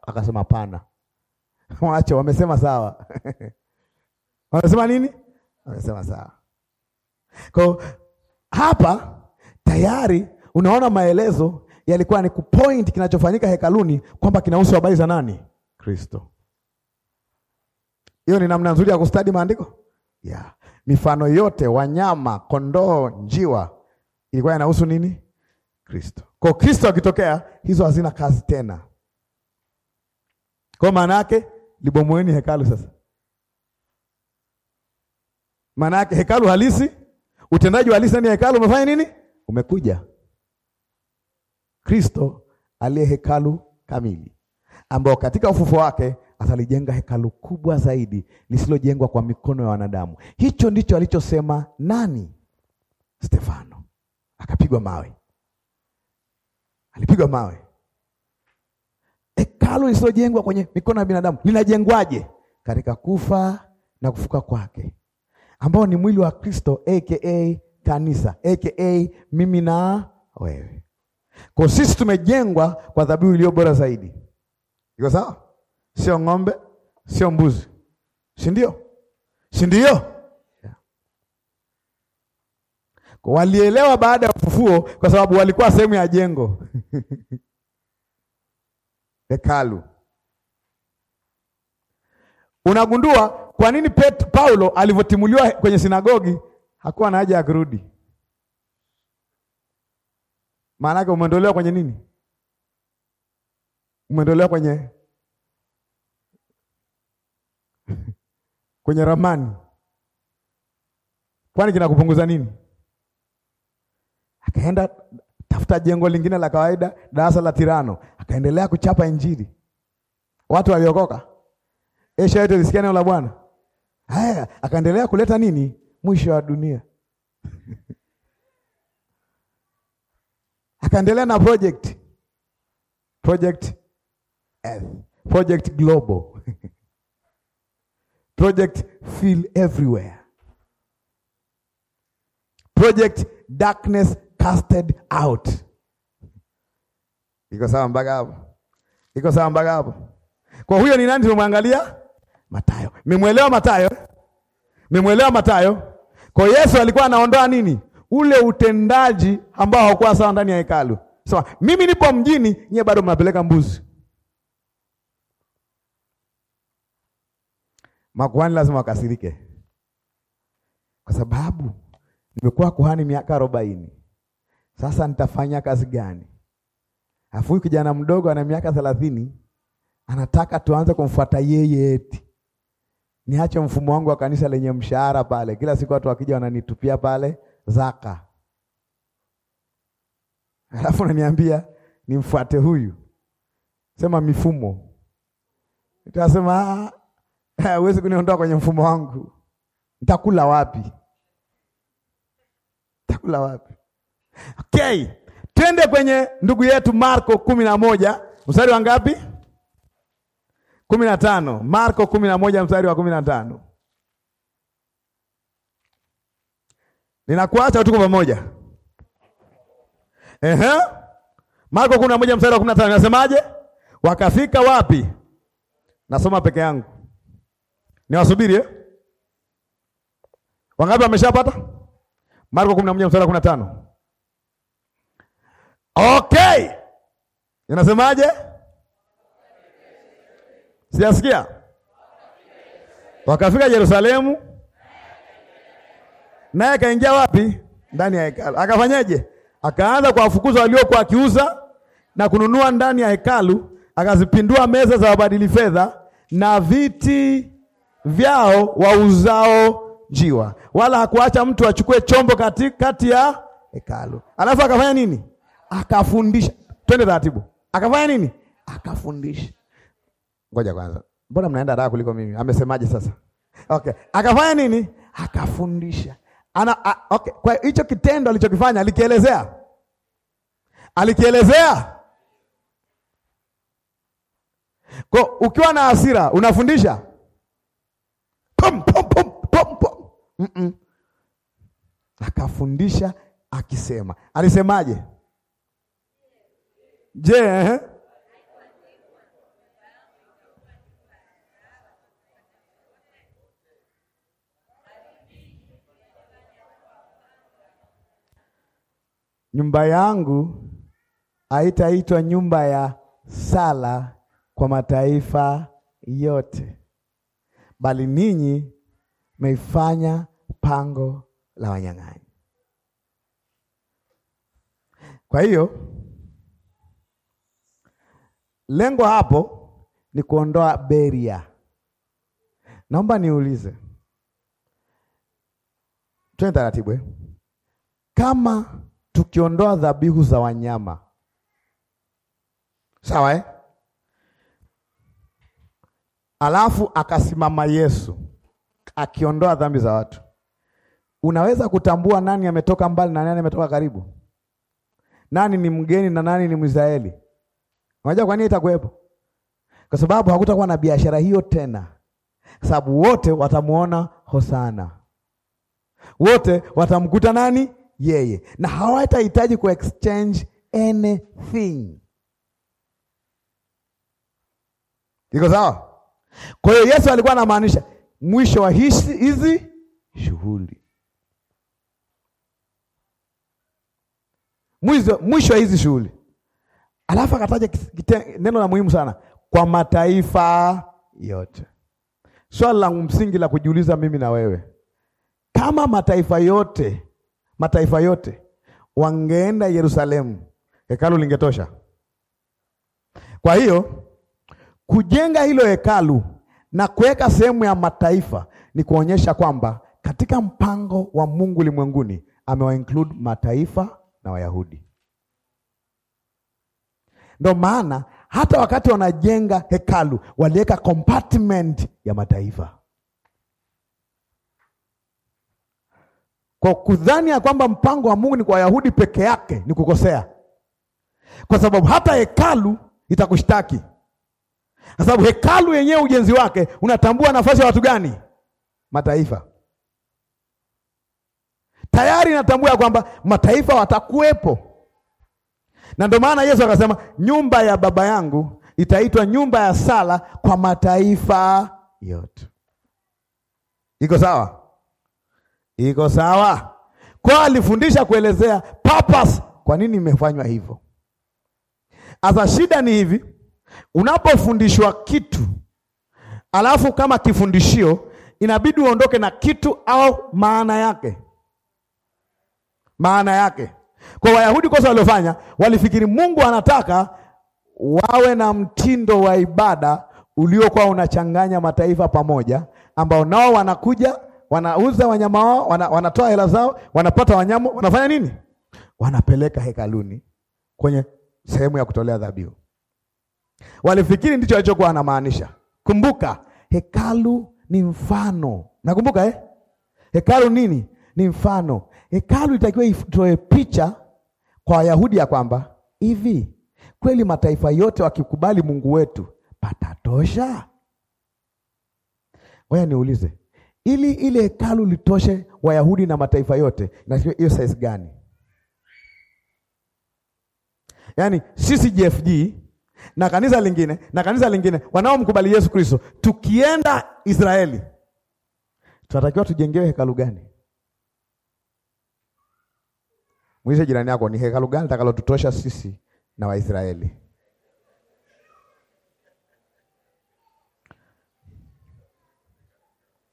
A: Akasema pana (laughs) Wacha wamesema sawa. (laughs) Wamesema nini? Wamesema sawa. Kwa hapa tayari unaona maelezo yalikuwa ni kupoint kinachofanyika hekaluni kwamba kinahusu habari za nani? Kristo. Hiyo ni namna nzuri ya kustadi maandiko yeah. Mifano yote wanyama, kondoo, njiwa ilikuwa inahusu nini? Kristo. Kwa Kristo akitokea hizo hazina kazi tena. Kwa maana yake libomoeni hekalu sasa. Maana yake hekalu halisi, utendaji wa halisi ndani ya hekalu umefanya nini? Umekuja Kristo aliye hekalu kamili, ambao katika ufufuo wake atalijenga hekalu kubwa zaidi lisilojengwa kwa mikono ya wanadamu. Hicho ndicho alichosema nani? Stefano. Akapigwa mawe, alipigwa mawe hekalu lisilojengwa kwenye mikono ya binadamu linajengwaje? Katika kufa na kufuka kwake, ambao ni mwili wa Kristo aka kanisa aka mimi na wewe. Kwa sisi tumejengwa kwa dhabihu iliyo bora zaidi. Iko sawa? Sio ng'ombe, sio mbuzi, si ndio? Si ndio? Walielewa baada ya ufufuo, kwa sababu walikuwa sehemu ya jengo (laughs) hekalu. Unagundua kwa nini Paulo alivyotimuliwa kwenye sinagogi hakuwa na haja ya kurudi. Maana yake umeondolewa kwenye nini? Umeondolewa kwenye (laughs) kwenye ramani. Kwani kinakupunguza nini? Akaenda tafuta jengo lingine la kawaida, darasa la Tirano akaendelea kuchapa injili, watu waliokoka. Esha yote lisikia neno la Bwana. Haya, akaendelea kuleta nini? Mwisho wa dunia (laughs) akaendelea na project project F, project global (laughs) project feel everywhere project darkness casted out Iko sawa mpaka hapo? Iko sawa mpaka hapo? Kwa huyo ni nani tumemwangalia? Matayo. Mmemwelewa Matayo? Mmemwelewa Matayo? Kwa Yesu alikuwa anaondoa nini? Ule utendaji ambao haukuwa sawa ndani ya hekalu. Sema, so, mimi nipo mjini, nyie bado mnapeleka mbuzi. Makuhani lazima wakasirike. Kwa sababu nimekuwa kuhani miaka arobaini. Sasa nitafanya kazi gani? Afu kijana mdogo ana miaka thelathini anataka tuanze kumfuata yeye eti niache mfumo wangu wa kanisa lenye mshahara pale, kila siku watu wakija wananitupia pale zaka, alafu ananiambia nimfuate huyu. Sema mifumo, nitasema hawezi ah, eh, kuniondoa kwenye mfumo wangu, nitakula wapi? Nitakula wapi? Okay. Twende kwenye ndugu yetu Marko kumi na moja mstari wa ngapi? kumi na tano. Marko kumi na moja mstari wa kumi na tano. Ninakuacha tuko pamoja. Ehe. Marko kumi na moja mstari wa kumi na tano inasemaje? Wakafika wapi? Nasoma peke yangu, niwasubiri eh? Wangapi wameshapata? Marko kumi na moja mstari wa kumi na tano. Okay, inasemaje? Sijasikia. Wakafika Yerusalemu, naye akaingia wapi? Ndani ya hekalu. Akafanyaje? Akaanza kuwafukuza waliokuwa akiuza na kununua ndani ya hekalu, akazipindua meza za wabadili fedha na viti vyao wauzao njiwa, wala hakuacha mtu achukue chombo kati kati ya hekalu. Alafu akafanya nini? akafundisha. Twende taratibu. Akafanya nini? Akafundisha. Ngoja kwanza, mbona mnaenda haraka kuliko mimi? Amesemaje sasa? Okay, akafanya nini? Akafundisha. Ana, a, okay. Kwa hicho kitendo alichokifanya alikielezea, alikielezea. Kwa ukiwa na hasira unafundisha pum, pum, pum, pum, pum. Mm -mm. Akafundisha akisema, alisemaje? Je, nyumba yangu haitaitwa nyumba ya sala kwa mataifa yote, bali ninyi meifanya pango la wanyang'anyi. Kwa hiyo Lengo hapo ni kuondoa beria. Naomba niulize, twende taratibu. Eh. Kama tukiondoa dhabihu za wanyama, sawa eh? Alafu akasimama Yesu akiondoa dhambi za watu, unaweza kutambua nani ametoka mbali na nani ametoka karibu, nani ni mgeni na nani ni Mwisraeli? Unajua kwa nini itakuwepo? Kwa sababu hakutakuwa na biashara hiyo tena, kwa sababu wote watamuona Hosana, wote watamkuta nani? Yeye, na hawatahitaji ku exchange anything. Iko sawa? Kwa hiyo Yesu alikuwa anamaanisha mwisho wa hizi shughuli, mwisho wa hizi shughuli Alafu akataja neno la muhimu sana, kwa mataifa yote. Swali la msingi la kujiuliza mimi na wewe, kama mataifa yote mataifa yote wangeenda Yerusalemu, hekalu lingetosha? Kwa hiyo kujenga hilo hekalu na kuweka sehemu ya mataifa ni kuonyesha kwamba katika mpango wa Mungu ulimwenguni amewa include mataifa na Wayahudi. Ndo maana hata wakati wanajenga hekalu waliweka compartment ya mataifa, kwa kudhani ya kwamba mpango wa Mungu ni kwa Wayahudi peke yake. Ni kukosea, kwa sababu hata hekalu itakushtaki, kwa sababu hekalu yenyewe ujenzi wake unatambua nafasi ya watu gani? Mataifa tayari inatambua kwamba mataifa watakuwepo na ndio maana Yesu akasema nyumba ya Baba yangu itaitwa nyumba ya sala kwa mataifa yote. Iko sawa? Iko sawa? Kwa alifundisha kuelezea purpose, kwa nini imefanywa hivyo. Asa shida ni hivi, unapofundishwa kitu alafu kama kifundishio inabidi uondoke na kitu au maana yake, maana yake kwa Wayahudi kosa waliofanya, walifikiri Mungu anataka wawe na mtindo wa ibada uliokuwa unachanganya mataifa pamoja, ambao nao wanakuja wanauza wanyama wao, wana, wanatoa hela zao, wanapata wanyama, wanafanya nini? Wanapeleka hekaluni kwenye sehemu ya kutolea dhabihu. Walifikiri ndicho alichokuwa anamaanisha. Kumbuka hekalu ni mfano, nakumbuka eh? hekalu nini? Ni mfano hekalu itakiwa itoe picha kwa Wayahudi ya kwamba hivi kweli mataifa yote wakikubali Mungu wetu patatosha. Ngoja niulize, ili ile hekalu litoshe Wayahudi na mataifa yote, na hiyo size gani? Yaani sisi JFG na kanisa lingine na kanisa lingine wanaomkubali Yesu Kristo, tukienda Israeli tunatakiwa tujengewe hekalu gani? Mwize jirani yako, ni hekalu gani litakalotutosha sisi na Waisraeli?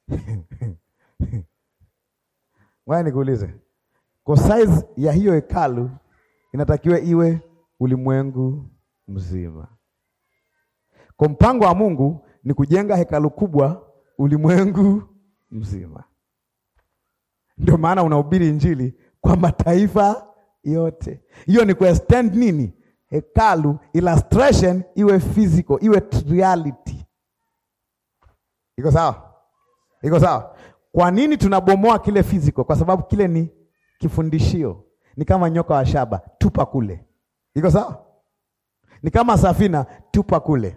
A: (laughs) Ngoja nikuulize, kwa size ya hiyo hekalu inatakiwa iwe ulimwengu mzima. Kwa mpango wa Mungu ni kujenga hekalu kubwa ulimwengu mzima. Ndio maana unahubiri Injili kwa mataifa yote. Hiyo ni kuextend nini? Hekalu, illustration iwe physical, iwe reality. Iko sawa? Iko sawa? Kwa nini tunabomoa kile physical? Kwa sababu kile ni kifundishio, ni kama nyoka wa shaba, tupa kule. Iko sawa? Ni kama safina, tupa kule.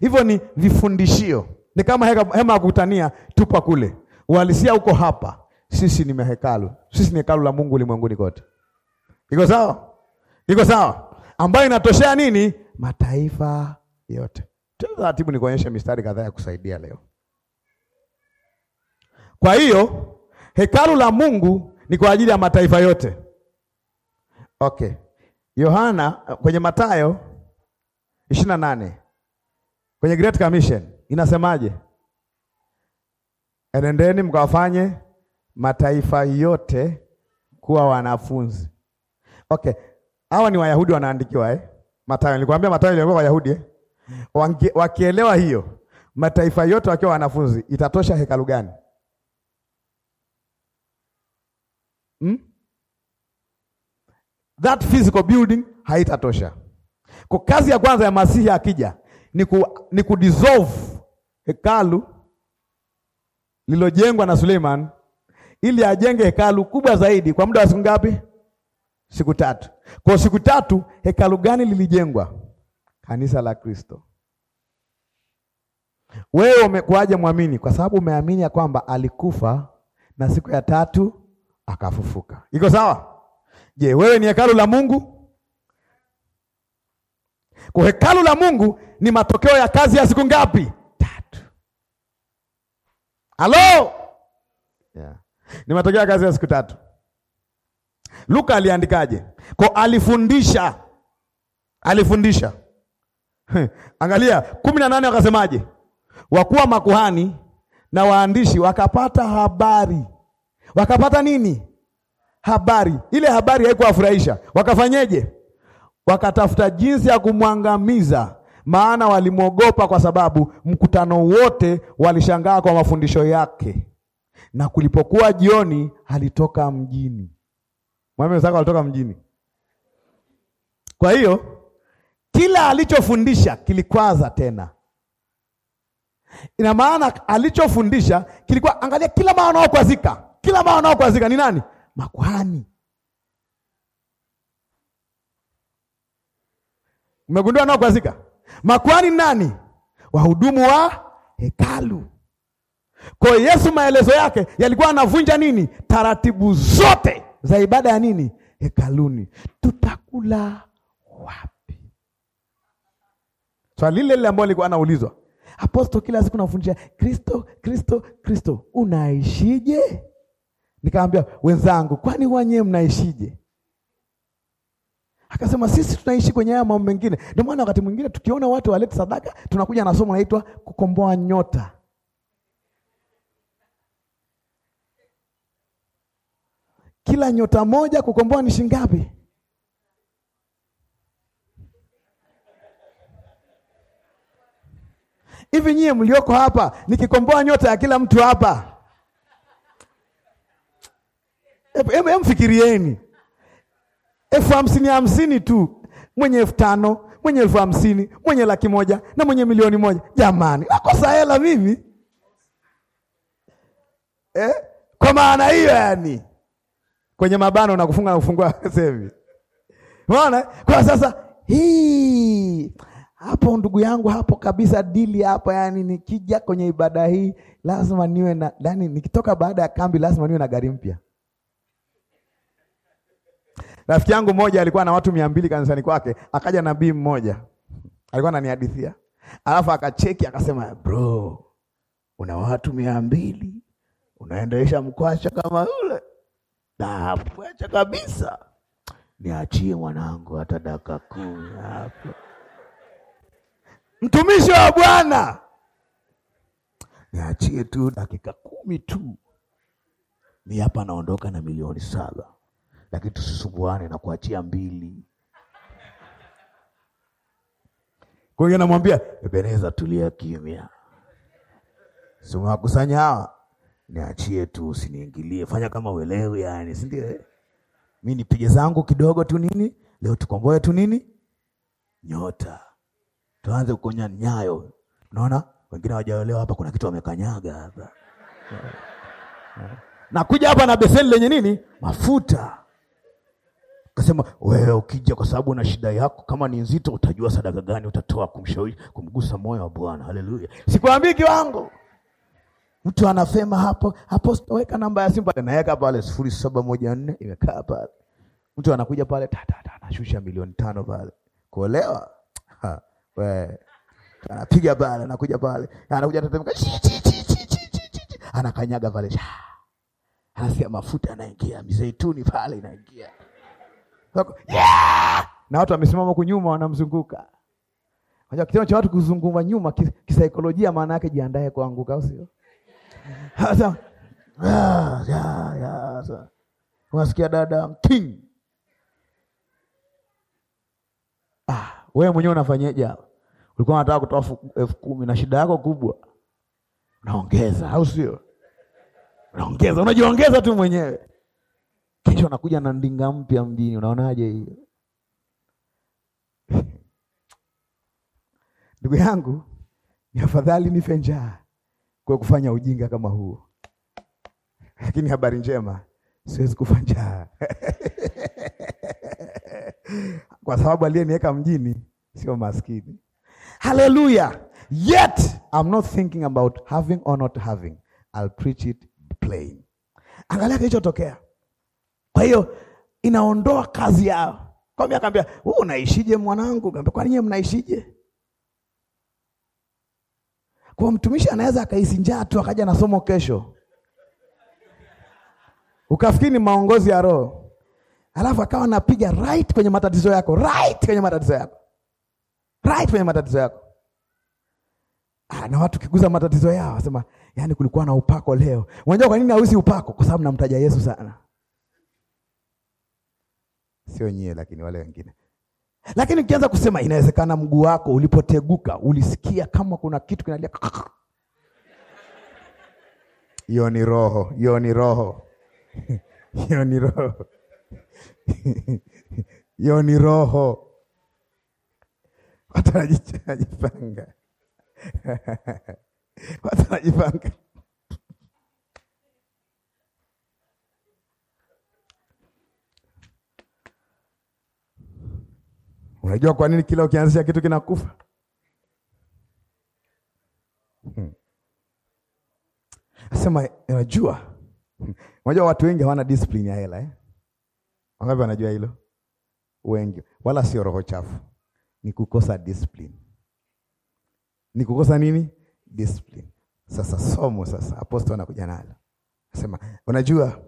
A: Hivyo ni vifundishio, ni kama hema ya kukutania, tupa kule. Uhalisia uko hapa sisi ni mahekalu, sisi ni hekalu la Mungu ulimwenguni kote. Iko sawa? Iko sawa, ambayo inatoshea nini? Mataifa yote. Taratibu nikuonyeshe mistari kadhaa ya kusaidia leo. Kwa hiyo hekalu la Mungu ni kwa ajili ya mataifa yote. Okay, Yohana eh, kwenye Mathayo 28 na nane kwenye Great Commission inasemaje? Enendeni mkawafanye mataifa yote kuwa wanafunzi. Okay, hawa ni Wayahudi wanaandikiwa eh? Mathayo, nilikwambia Mathayo ilikuwa Wayahudi eh? Wakielewa hiyo mataifa yote wakiwa wanafunzi itatosha hekalu gani? hmm? That physical building haitatosha. Kwa kazi ya kwanza ya Masihi akija ni ku, ni ku dissolve hekalu lilojengwa na Suleiman ili ajenge hekalu kubwa zaidi kwa muda wa siku ngapi? Siku tatu. Kwa siku tatu hekalu gani lilijengwa? Kanisa la Kristo. Wewe umekuwaje mwamini? Kwa sababu umeamini ya kwamba alikufa na siku ya tatu akafufuka. Iko sawa? Je, wewe ni hekalu la Mungu? Kwa hekalu la Mungu ni matokeo ya kazi ya siku ngapi? Tatu. Halo? Yeah. Ni matokeo ya kazi ya siku tatu. Luka aliandikaje? Kwa alifundisha, alifundisha. (laughs) Angalia kumi na nane wakasemaje? Wakuwa makuhani na waandishi wakapata habari, wakapata nini? Habari. Ile habari haikuwafurahisha, wakafanyeje? Wakatafuta jinsi ya kumwangamiza, maana walimwogopa, kwa sababu mkutano wote walishangaa kwa mafundisho yake na kulipokuwa jioni alitoka mjini. Mwanamume wenzako alitoka mjini. Kwa hiyo kila alichofundisha kilikwaza tena. Ina maana alichofundisha kilikuwa, angalia, kila mara wanaokwazika, kila mara wanaokwazika ni nani? Makuhani. Umegundua wanaokwazika makuhani nani? Wahudumu wa hekalu. Kwa hiyo Yesu maelezo yake yalikuwa anavunja nini? Taratibu zote za ibada ya nini? Hekaluni. Tutakula wapi? Swali lile lile ambalo alikuwa anaulizwa Aposto kila siku navunjia Kristo, Kristo, Kristo, unaishije? Nikamwambia wenzangu, kwani wanye mnaishije? Akasema sisi tunaishi kwenye haya mambo mengine. Ndio maana wakati mwingine tukiona watu walete sadaka, tunakuja na somo naitwa kukomboa nyota. Kila nyota moja kukomboa ni shingapi? Hivi nyie mlioko hapa, nikikomboa nyota ya kila mtu hapa, hebu mfikirieni, elfu hamsini hamsini tu, mwenye elfu tano mwenye elfu hamsini mwenye laki moja na mwenye milioni moja Jamani, nakosa hela mimi eh? Kwa maana hiyo yani kwenye mabano na kufunga na kufungua sehemu. Unaona? Kwa sasa hii hapo ndugu yangu hapo kabisa dili hapo, yani nikija kwenye ibada hii lazima niwe na yani, nikitoka baada ya kambi lazima niwe na gari mpya. Rafiki yangu mmoja alikuwa na watu mia mbili kanisani kwake, akaja nabii mmoja alikuwa ananihadithia, alafu akacheki akasema, bro, una watu mia mbili unaendelesha mkwacha kama ule dhahabu. Wacha kabisa, niachie mwanangu hata dakika kumi hapo. Mtumishi wa Bwana, niachie tu dakika kumi tu, ni hapa naondoka na milioni saba, lakini tusisumbuane na kuachia mbili. Kwa hiyo namwambia Ebeneza, tulia kimya, simewakusanya hawa niachie tu, usiniingilie, fanya kama uelewi, yani si ndio? Mimi eh? nipige zangu kidogo tu nini, leo tukomboe tu nini, nyota tuanze kukonya nyayo. Unaona wengine hawajaelewa hapa, kuna kitu wamekanyaga hapa. Nakuja hapa na beseni lenye nini, mafuta Kasema wewe ukija, kwa sababu na shida yako kama ni nzito, utajua sadaka gani utatoa kumshauri kumgusa moyo wa Bwana. Haleluya! Sikwambii kiwango Mtu anasema hapo hapo, weka namba ya simu pale, naweka pale sifuri saba moja nne imekaa pale. Mtu anakuja pale ta ta ta, anashusha milioni tano pale, kuolewa we, anapiga pale, anakuja pale, anakuja anatemeka, anakanyaga pale, anasikia mafuta anaingia, mizeituni pale inaingia, yeah! na watu wamesimama huko nyuma wanamzunguka. Kitendo cha watu kuzungumza nyuma kisaikolojia, maana yake jiandae kuanguka, au sio? Hasa ah, Unasikia dada king. Ah, wewe mwenyewe unafanyaje hapa? Ulikuwa unataka kutoa elfu kumi na shida yako kubwa. Unaongeza, au sio? Unaongeza, unajiongeza tu mwenyewe. Kesho nakuja na ndinga mpya mjini, unaonaje hiyo? (laughs) Ndugu yangu, ni afadhali nife njaa kwa kufanya ujinga kama huo, lakini habari njema, siwezi kufa njaa (laughs) kwa sababu aliyeniweka mjini sio maskini. Haleluya! Yet I'm not thinking about having or not having, I'll preach it plain. Angalia kilichotokea. Kwa hiyo inaondoa kazi yao. Kwa mimi akaambia, wewe unaishije mwanangu? Kaambia, kwa nini mnaishije? Kwa mtumishi anaweza akahisi njaa tu akaja na somo kesho, ukafikiri ni maongozi ya Roho, alafu akawa anapiga right kwenye matatizo yako, right kwenye matatizo yako, right kwenye matatizo yako. Ah, na watu kiguza matatizo yao wasema, yani kulikuwa na upako leo. Unajua kwa nini hausi upako? Kwa sababu namtaja Yesu sana, sio nyie, lakini wale wengine lakini ukianza kusema inawezekana mguu wako ulipoteguka ulisikia kama kuna kitu kinalia. Hiyo ni roho, hiyo ni roho. Hiyo ni roho. Hiyo ni roho. Watu wanajipanga. Watu wanajipanga. Unajua kwa nini kila ukianzisha kitu kinakufa? Hmm. Asema eh, unajua. (laughs) Unajua watu wengi hawana discipline ya hela eh? Wangapi wanajua hilo? Wengi. Wala sio roho chafu. Ni kukosa discipline. Ni kukosa nini? Discipline. Sasa somo sasa apostol anakuja nalo. Asema unajua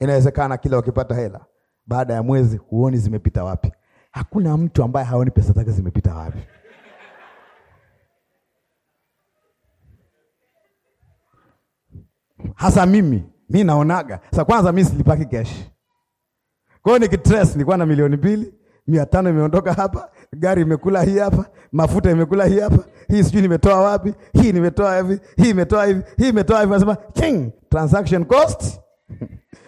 A: inawezekana kila ukipata hela baada ya mwezi huoni zimepita wapi. Hakuna mtu ambaye haoni pesa zake zimepita wapi. Hasa mimi mi naonaga sa kwanza, mi silipaki cash kwa hiyo nikitres, nilikuwa na milioni mbili mia tano imeondoka hapa, gari imekula hii hapa, mafuta imekula hii hapa, hii sijui nimetoa wapi, hii nimetoa hivi, hii imetoa hivi, hii imetoa hivi, nasema king transaction cost (laughs)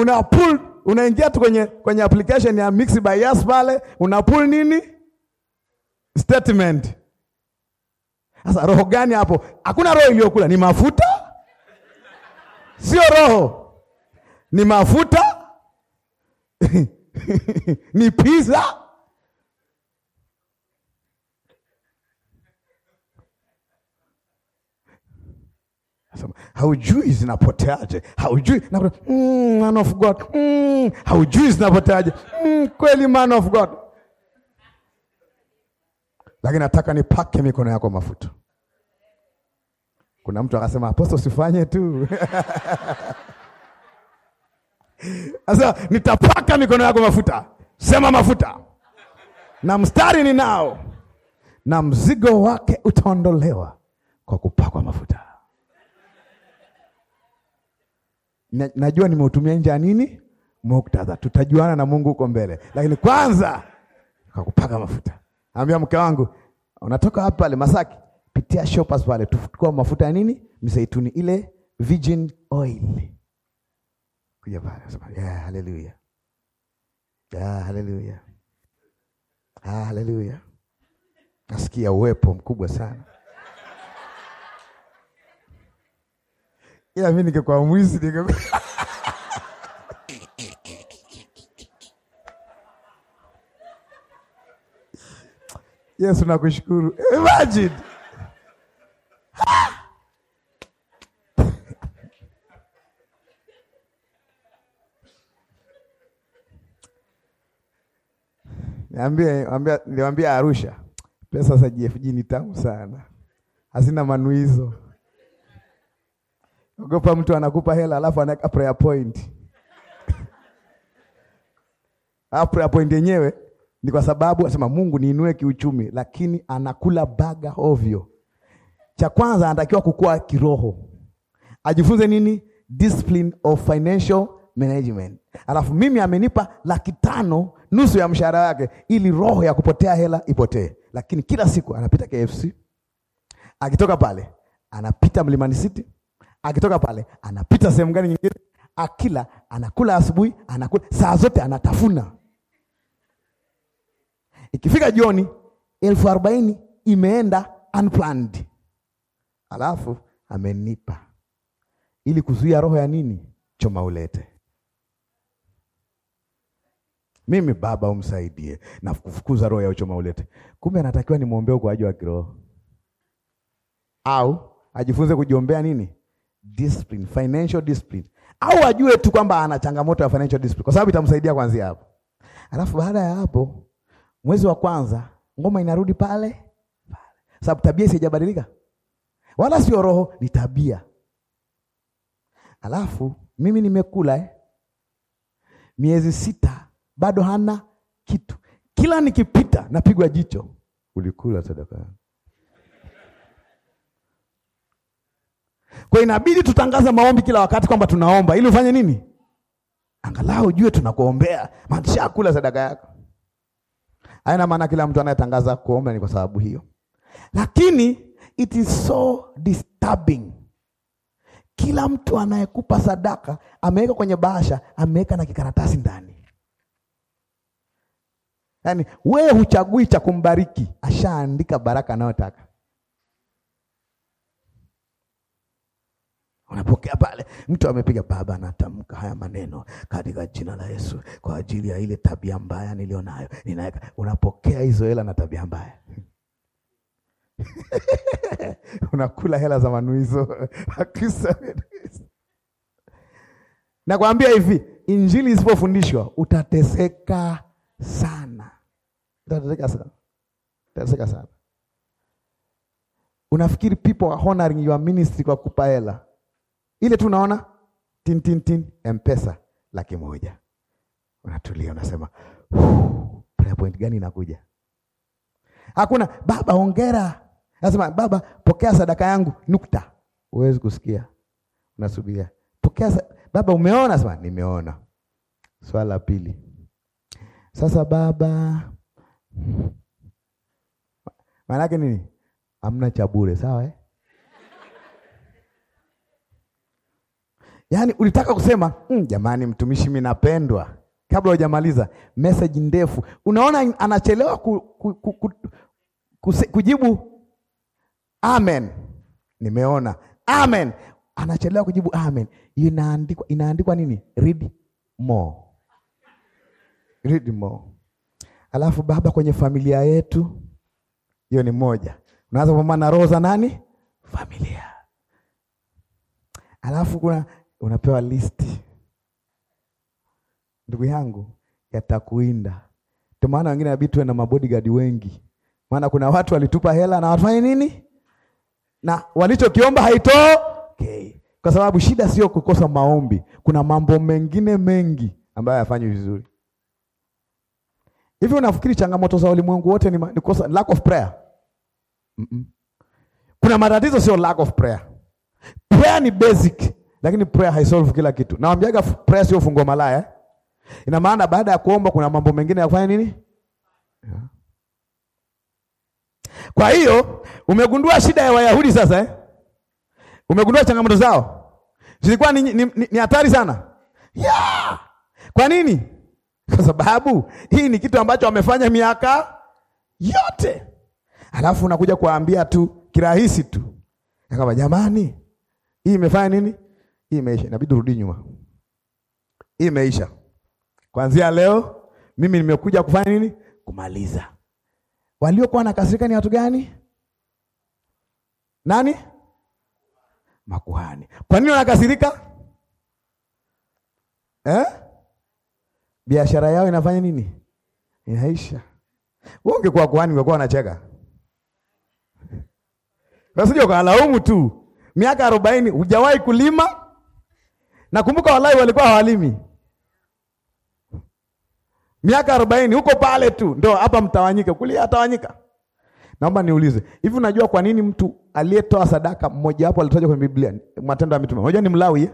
A: una pull, unaingia tu kwenye, kwenye application ya mix by yes pale una pull nini statement. Sasa roho gani hapo? Hakuna roho iliyokula, ni mafuta, sio roho, ni mafuta (laughs) ni pizza Anasema haujui zinapoteaje, haujui na, mm, man of God mm, haujui zinapoteaje mm, kweli man of God, lakini nataka nipake mikono yako mafuta. Kuna mtu akasema aposto, usifanye tu (laughs) Sasa nitapaka mikono yako mafuta, sema mafuta, na mstari nao na mzigo wake utaondolewa kwa kupakwa mafuta. na, najua nimeutumia nje ya nini muktadha, tutajuana na Mungu huko mbele, lakini kwanza kakupaka mafuta. Ambia mke wangu unatoka hapa pale Masaki, pitia shoppers pale, tufukua mafuta ya nini, mzeituni ile virgin oil, kuja pale. Yeah, haleluya yeah, haleluya ah, haleluya. Nasikia uwepo mkubwa sana ila mi ningekuwa mwizi ninge Yesu nakushukuru. Imagine. Niambia, niliwaambia Arusha pesa za GFG ni tamu sana, hazina manuizo. Ogopa mtu anakupa hela alafu anaweka prayer point. A prayer point yenyewe ni kwa sababu anasema Mungu niinue kiuchumi, lakini anakula baga ovyo. Cha kwanza anatakiwa kukua kiroho, ajifunze nini? Discipline of financial management. Alafu mimi amenipa laki tano, nusu ya mshahara wake, ili roho ya kupotea hela ipotee. Lakini kila siku anapita KFC, akitoka pale anapita Mlimani City akitoka pale anapita sehemu gani nyingine, akila anakula asubuhi, anakula saa zote, anatafuna. Ikifika jioni, elfu arobaini imeenda unplanned, alafu amenipa ili kuzuia roho ya nini? Choma ulete mimi Baba umsaidie na kufukuza roho ya uchoma ulete. Kumbe anatakiwa nimwombee ajili ya kiroho, au ajifunze kujiombea nini? discipline, financial discipline, au ajue tu kwamba ana changamoto ya financial discipline, kwa sababu itamsaidia kuanzia hapo. Alafu baada ya hapo, mwezi wa kwanza ngoma inarudi pale pale, sababu tabia isijabadilika, wala sio roho, ni tabia. Alafu mimi nimekula eh, miezi sita bado hana kitu, kila nikipita napigwa jicho, ulikula sadaka Kwa inabidi tutangaze maombi kila wakati kwamba tunaomba ili ufanye nini? Angalau ujue tunakuombea. maanisha kula sadaka yako. Haina maana kila mtu anayetangaza kuomba ni kwa sababu hiyo. Lakini it is so disturbing. Kila mtu anayekupa sadaka ameweka kwenye bahasha, ameweka na kikaratasi ndani. Yaani wewe huchagui cha kumbariki, ashaandika baraka anayotaka. Unapokea pale, mtu amepiga baba, anatamka haya maneno katika jina la Yesu, kwa ajili ya ile tabia mbaya nilionayo ninaweka. Unapokea hizo hela na tabia mbaya (laughs) unakula hela za manuizo (laughs) nakwambia hivi, injili isipofundishwa utateseka sana, utateseka sana, utateseka sana. Unafikiri people are honoring your ministry kwa kupa hela? ile tu unaona tin tin tin mpesa laki moja, unatulia unasema prayer point gani inakuja? Hakuna baba ongera, nasema baba pokea sadaka yangu nukta, huwezi kusikia, unasubiria pokea. Baba umeona? Sema nimeona. Swala la pili sasa, baba yake nini? Amna cha bure, sawa eh? Yaani ulitaka kusema mm, jamani, mtumishi mimi napendwa, kabla hujamaliza message ndefu. Unaona anachelewa ku, ku, ku, ku, ku, kujibu amen, nimeona amen, anachelewa kujibu amen. Inaandikwa inaandikwa nini? Read more, read more. Alafu Baba, kwenye familia yetu hiyo ni moja, unaanza kupambana na roho za nani? Familia. Alafu kuna unapewa listi, ndugu yangu, yatakuinda. Ndio maana wengine inabidi tuwe na mabodyguard wengi, maana kuna watu walitupa hela na wafanye nini na walichokiomba haito okay. Kwa sababu shida sio kukosa maombi, kuna mambo mengine mengi ambayo hayafanyi vizuri. Hivi unafikiri changamoto za ulimwengu wote ni kosa lack of prayer? Mm -mm. Kuna matatizo sio lack of prayer. Prayer ni basic. Lakini prayer haisolve kila kitu. Naambiaga prayer sio fungo malaya. Eh? Ina maana baada ya kuomba kuna mambo mengine ya kufanya nini? Kwa hiyo umegundua shida ya Wayahudi sasa eh? Umegundua changamoto zao zilikuwa ni, ni, ni, ni hatari sana yeah! Kwa nini? (laughs) Kwa sababu hii ni kitu ambacho wamefanya miaka yote, alafu unakuja kuambia tu kirahisi tu, akaba jamani, hii imefanya nini? hii imeisha, inabidi urudi nyuma. Hii imeisha. Kuanzia leo mimi nimekuja kufanya nini? Kumaliza. Waliokuwa na ni watu gani? Nani? Makuhani. Kwa nini wanakasirika? Eh? Biashara yao inafanya nini? Inaisha. Wewe ungekuwa kuhani ungekuwa unacheka. Nasije ukalaumu tu. Miaka arobaini hujawahi kulima Nakumbuka walai walikuwa hawalimi miaka arobaini huko pale tu, ndo hapa mtawanyika, kulia atawanyika. Naomba niulize hivi, unajua kwa nini mtu aliyetoa sadaka mmoja wapo alitajwa kwenye Biblia, Matendo ya Mitume? Unajua ni Mlawi eh?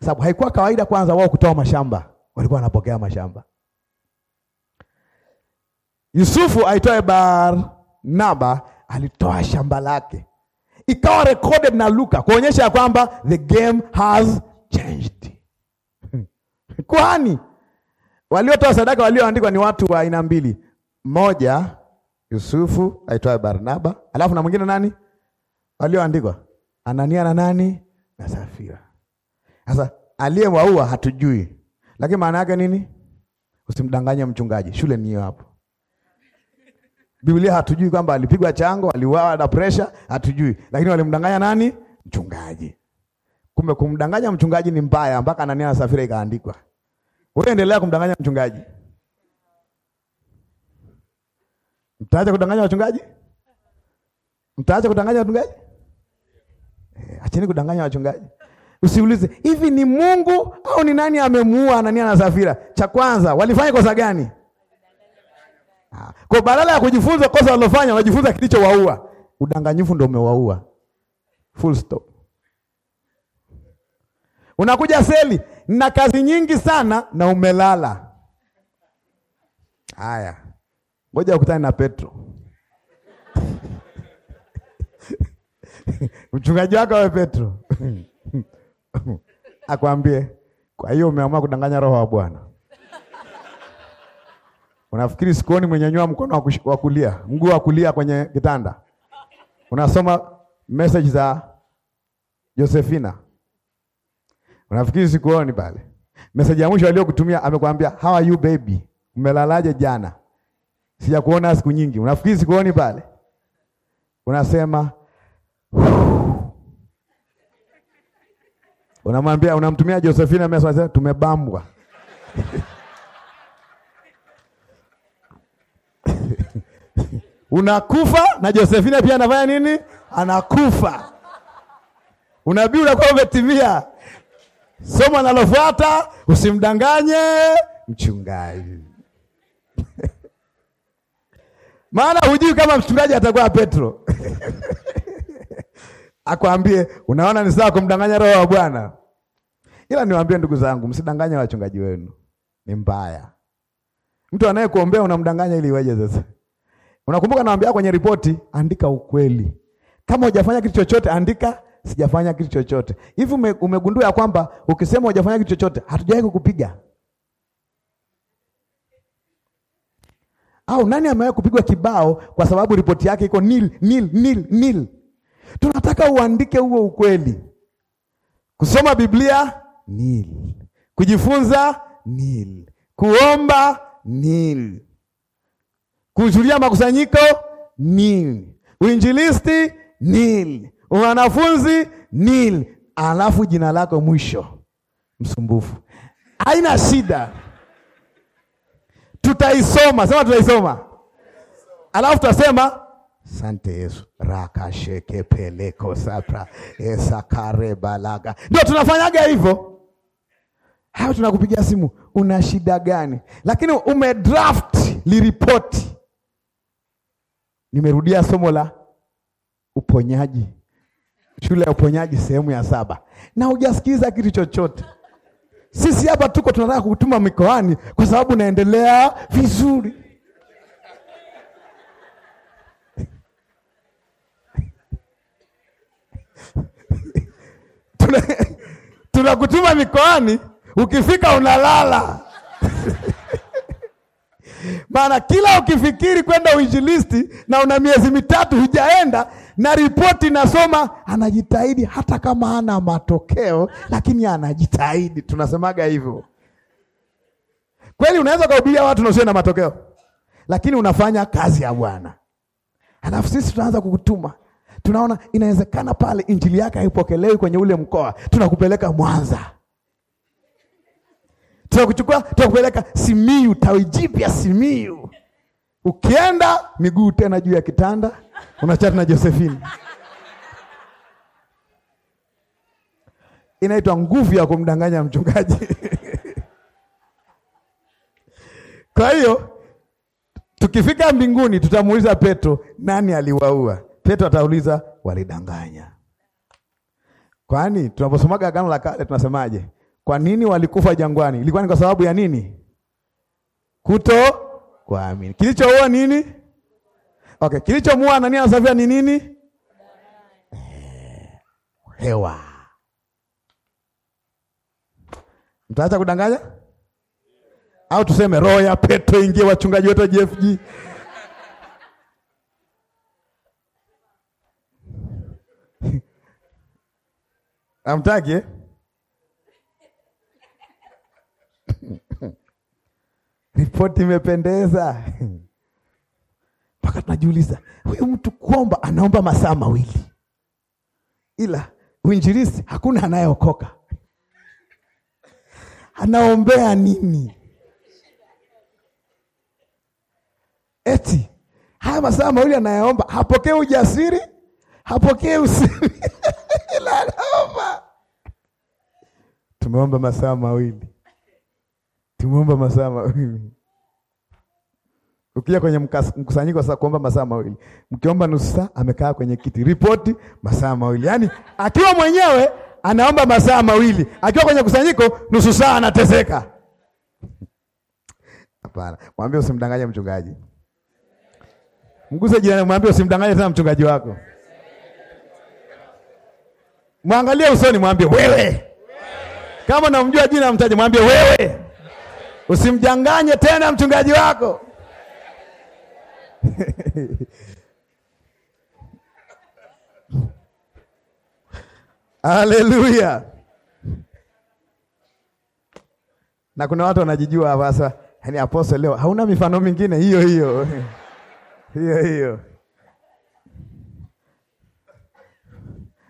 A: Sababu haikuwa kawaida kwanza wao kutoa mashamba, walikuwa wanapokea mashamba. Yusufu aitoe Bar Naba alitoa shamba lake, ikawa recorded na Luka kuonyesha ya kwamba the game has changed. (laughs) Kwani waliotoa sadaka walioandikwa ni watu wa aina mbili, moja Yusufu aitwaye Barnaba, alafu na mwingine nani? Walioandikwa Anania na nani na Safira. Sasa aliyewaua hatujui, lakini maana yake nini? Usimdanganye mchungaji, shule ni hiyo hapo. Biblia hatujui kwamba alipigwa chango, aliuawa na pressure, hatujui, lakini walimdanganya nani? Mchungaji. Kumbe kumdanganya mchungaji ni mbaya, mpaka Anania na Safira ikaandikwa. Wewe endelea kumdanganya mchungaji. Mtaacha kudanganya wachungaji? Mtaacha kudanganya wachungaji? Eh, acheni kudanganya wachungaji. Usiulize hivi ni Mungu au ni nani amemuua Anania na Safira. Cha kwanza walifanya kosa gani? Ah, kwa badala ya kujifunza kosa walilofanya, wanajifunza kilichowaua. Udanganyifu ndio umewaua. Full stop. Unakuja seli na kazi nyingi sana na umelala. Haya, ngoja ukutane na Petro (laughs) mchungaji wako wewe Petro (laughs) akwambie, kwa hiyo umeamua kudanganya roho wa Bwana. Unafikiri sikuoni mwenyenyua mkono wa kulia, mguu wa kulia kwenye kitanda, unasoma message za Josefina Unafikiri sikuoni pale? Message ya mwisho aliyokutumia amekwambia how are you baby? Umelalaje jana? Sijakuona siku nyingi. Unafikiri sikuoni pale? Unasema Unamwambia, unamtumia Josephine message, tumebambwa. (laughs) Unakufa na Josephine pia anafanya nini? Anakufa. Unabii unakuwa umetimia. Somo analofuata, usimdanganye mchungaji (laughs) maana hujui kama mchungaji atakuwa Petro (laughs) akwambie, unaona ni sawa kumdanganya roho wa Bwana. Ila niwaambie ndugu zangu, msidanganye wachungaji wenu, ni mbaya. Mtu anayekuombea unamdanganya ili iweje? Sasa unakumbuka, nawaambia kwenye ripoti, andika ukweli. Kama hujafanya kitu chochote, andika sijafanya kitu chochote. Hivi umegundua ya kwamba ukisema hujafanya kitu chochote, hatujawahi kukupiga? Au nani amewahi kupigwa kibao kwa sababu ripoti yake iko nil nil nil nil? Tunataka uandike huo ukweli. Kusoma Biblia nil, kujifunza nil, kuomba nil, kuhudhuria makusanyiko nil, uinjilisti nil Wanafunzi Nil, alafu jina lako mwisho msumbufu. Haina shida, tutaisoma. Sema tutaisoma, alafu tutasema Sante Yesu rakasheke peleko sapra esakare balaga. Ndio tunafanyaga hivyo, hayo tunakupigia simu, una shida gani? Lakini umedraft liripoti. Nimerudia somo la uponyaji shule ya uponyaji sehemu ya saba, na hujasikiza kitu chochote. Sisi hapa tuko tunataka kutuma mikoani kwa sababu naendelea vizuri. (laughs) tunakutuma mikoani, ukifika unalala (laughs) maana kila ukifikiri kwenda uinjilisti na una miezi mitatu hujaenda na ripoti nasoma, anajitahidi hata kama ana matokeo, lakini anajitahidi. Tunasemaga hivyo kweli. Unaweza kuhubiria watu na na matokeo, lakini unafanya kazi ya Bwana. Alafu sisi tunaanza kukutuma, tunaona inawezekana pale injili yake haipokelewi kwenye ule mkoa, tunakupeleka Mwanza, tunakuchukua tunakupeleka Simiu, tawi jipya Simiu. Ukienda miguu tena juu ya kitanda unachati na Josephine. Inaitwa nguvu ya kumdanganya mchungaji. Kwa hiyo tukifika mbinguni tutamuuliza Petro, nani aliwaua? Petro atauliza walidanganya. Kwani tunaposomaga Agano la Kale tunasemaje? Kwa nini walikufa jangwani? Ilikuwa ni kwa sababu ya nini? Kuto kuamini. Kilichoua nini? Okay, kilichomuua Anania na Safira ni nini? Eh, hewa. Mtaacha kudanganya au tuseme roho ya Petro ingie wachungaji wote JFG? (laughs) Amtaki eh? Ripoti imependeza mpaka tunajiuliza huyu mtu kuomba, anaomba masaa mawili, ila uinjilisti hakuna anayeokoka. Anaombea nini? Eti haya masaa mawili anayaomba, hapokee ujasiri, hapokee usiri (laughs) ila anaomba. Tumeomba masaa mawili Tumeomba masaa mawili. Ukija kwenye mkusanyiko sasa kuomba masaa mawili, mkiomba nusu saa, amekaa kwenye kiti, ripoti masaa mawili. Yaani akiwa mwenyewe anaomba masaa mawili, akiwa kwenye kusanyiko nusu saa anateseka. Hapana, mwambie usimdanganye mchungaji. Mguse jirani, mwambie usimdanganye tena mchungaji wako. Mwangalie usoni, mwambie wewe. Kama unamjua jina, mtaje, mwambie wewe. Usimjanganye tena mchungaji wako. (laughs) Haleluya. Na kuna watu wanajijua hapa sasa, yaani apostle leo hauna mifano mingine hiyo hiyo (laughs) hiyo hiyo.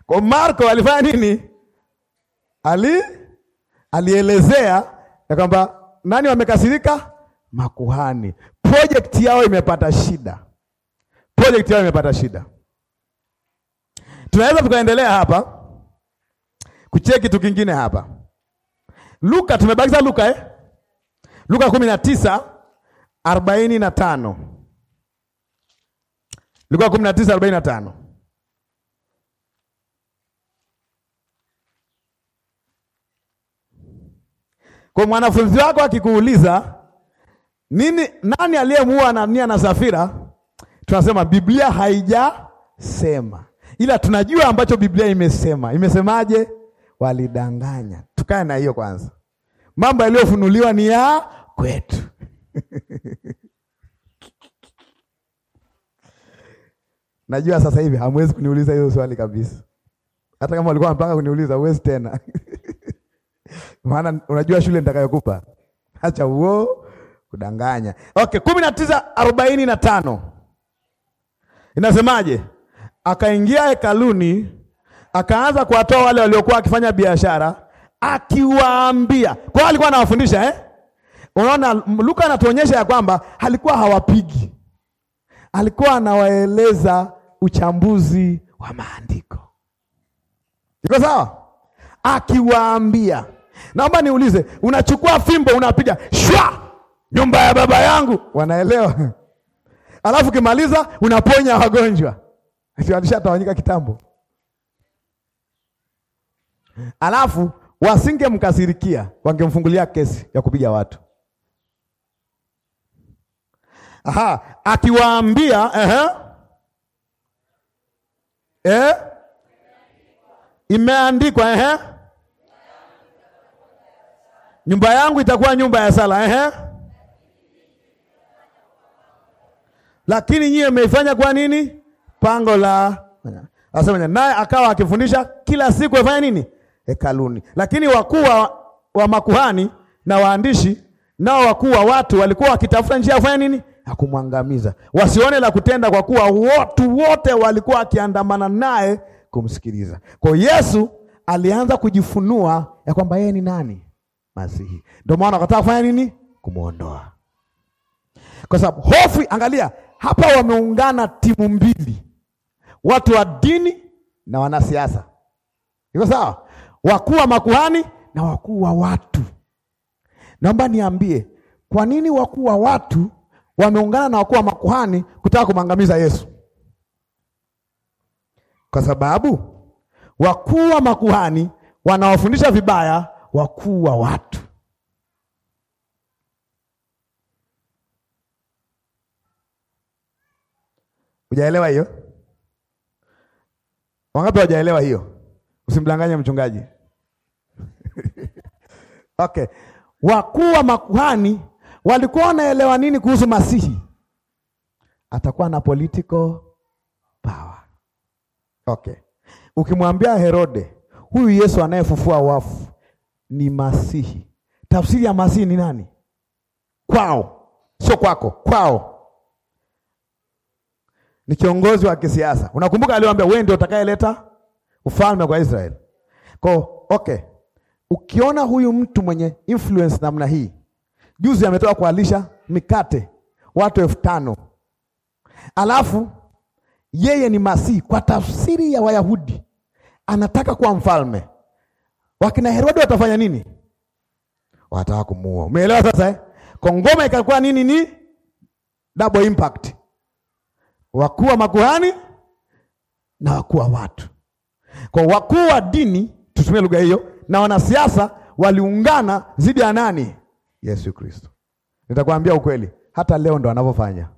A: Kwa Marko alifanya nini? Ali alielezea ya kwamba nani wamekasirika? Makuhani. Projekti yao imepata shida, projekti yao imepata shida. Tunaweza tukaendelea hapa kucheki kitu kingine hapa. Luka, tumebakiza Luka eh? Luka kumi na tisa arobaini na tano Luka kumi na tisa arobaini na tano Kwa mwanafunzi wako akikuuliza nini, nani aliyemuua Anania na Safira, tunasema Biblia haijasema, ila tunajua ambacho Biblia imesema. Imesemaje? Walidanganya. Tukae na hiyo kwanza, mambo yaliyofunuliwa ni ya kwetu (laughs) Najua sasa hivi hamwezi kuniuliza hiyo swali kabisa. Hata kama walikuwa wanapanga kuniuliza, huwezi tena. (laughs) maana unajua shule nitakayokupa. Acha uo kudanganya. Okay, kumi na tisa arobaini na tano inasemaje? Akaingia hekaluni akaanza kuwatoa wale waliokuwa akifanya biashara akiwaambia. Kwa hiyo alikuwa anawafundisha eh? Unaona, Luka anatuonyesha ya kwamba alikuwa hawapigi, alikuwa anawaeleza uchambuzi wa maandiko. Iko sawa? Akiwaambia Naomba niulize, unachukua fimbo unapiga shwa, nyumba ya baba yangu, wanaelewa? (laughs) Alafu kimaliza unaponya wagonjwa, alishatawanyika kitambo. Alafu wasingemkasirikia, wangemfungulia kesi ya kupiga watu. Aha, akiwaambia eh, eh, imeandikwa eh nyumba yangu itakuwa nyumba ya sala ehe. Lakini nyie mmeifanya kwa nini? Pango la asema, naye akawa akifundisha kila siku afanya nini? Hekaluni. Lakini wakuu wa makuhani na waandishi nao wakuu wa watu walikuwa wakitafuta njia afanya nini? kumwangamiza, wasione la kutenda, kwa kuwa watu wote walikuwa wakiandamana naye kumsikiliza. Kwa Yesu alianza kujifunua ya kwamba yeye ni nani. Masihi. Ndio maana wakataka kufanya nini? Kumwondoa, kwa sababu hofu. Angalia hapa, wameungana timu mbili, watu wa dini na wanasiasa. Iko sawa? Wakuu wa makuhani na wakuu wa watu. Naomba niambie, kwa nini wakuu wa watu wameungana na wakuu wa makuhani kutaka kumwangamiza Yesu? Kwa sababu wakuu wa makuhani wanawafundisha vibaya wakuu wa watu. Hujaelewa hiyo? Wangapi hawajaelewa hiyo? Usimdanganye mchungaji. (laughs) Okay, wakuu wa makuhani walikuwa wanaelewa nini kuhusu Masihi? Atakuwa na political power. Okay, ukimwambia Herode, huyu Yesu anayefufua wafu ni Masihi. Tafsiri ya Masihi ni nani? Kwao, sio kwako, kwao. Ni kiongozi wa kisiasa. Unakumbuka aliwaambia wewe ndio utakayeleta ufalme kwa Israeli. Kwa okay. Ukiona huyu mtu mwenye influence namna hii, juzi ametoka kualisha mikate watu elfu tano alafu yeye ni Masihi kwa tafsiri ya Wayahudi, anataka kuwa mfalme. Wakina Herode watafanya nini? Wataka kumuua. Umeelewa sasa eh? Kongoma ikakuwa nini ni double impact. Wakuu wa makuhani na wakuu wa watu. Kwa wakuu wa dini tutumie lugha hiyo na wanasiasa waliungana dhidi ya nani? Yesu Kristo. Nitakwambia ukweli, hata leo ndo wanavyofanya.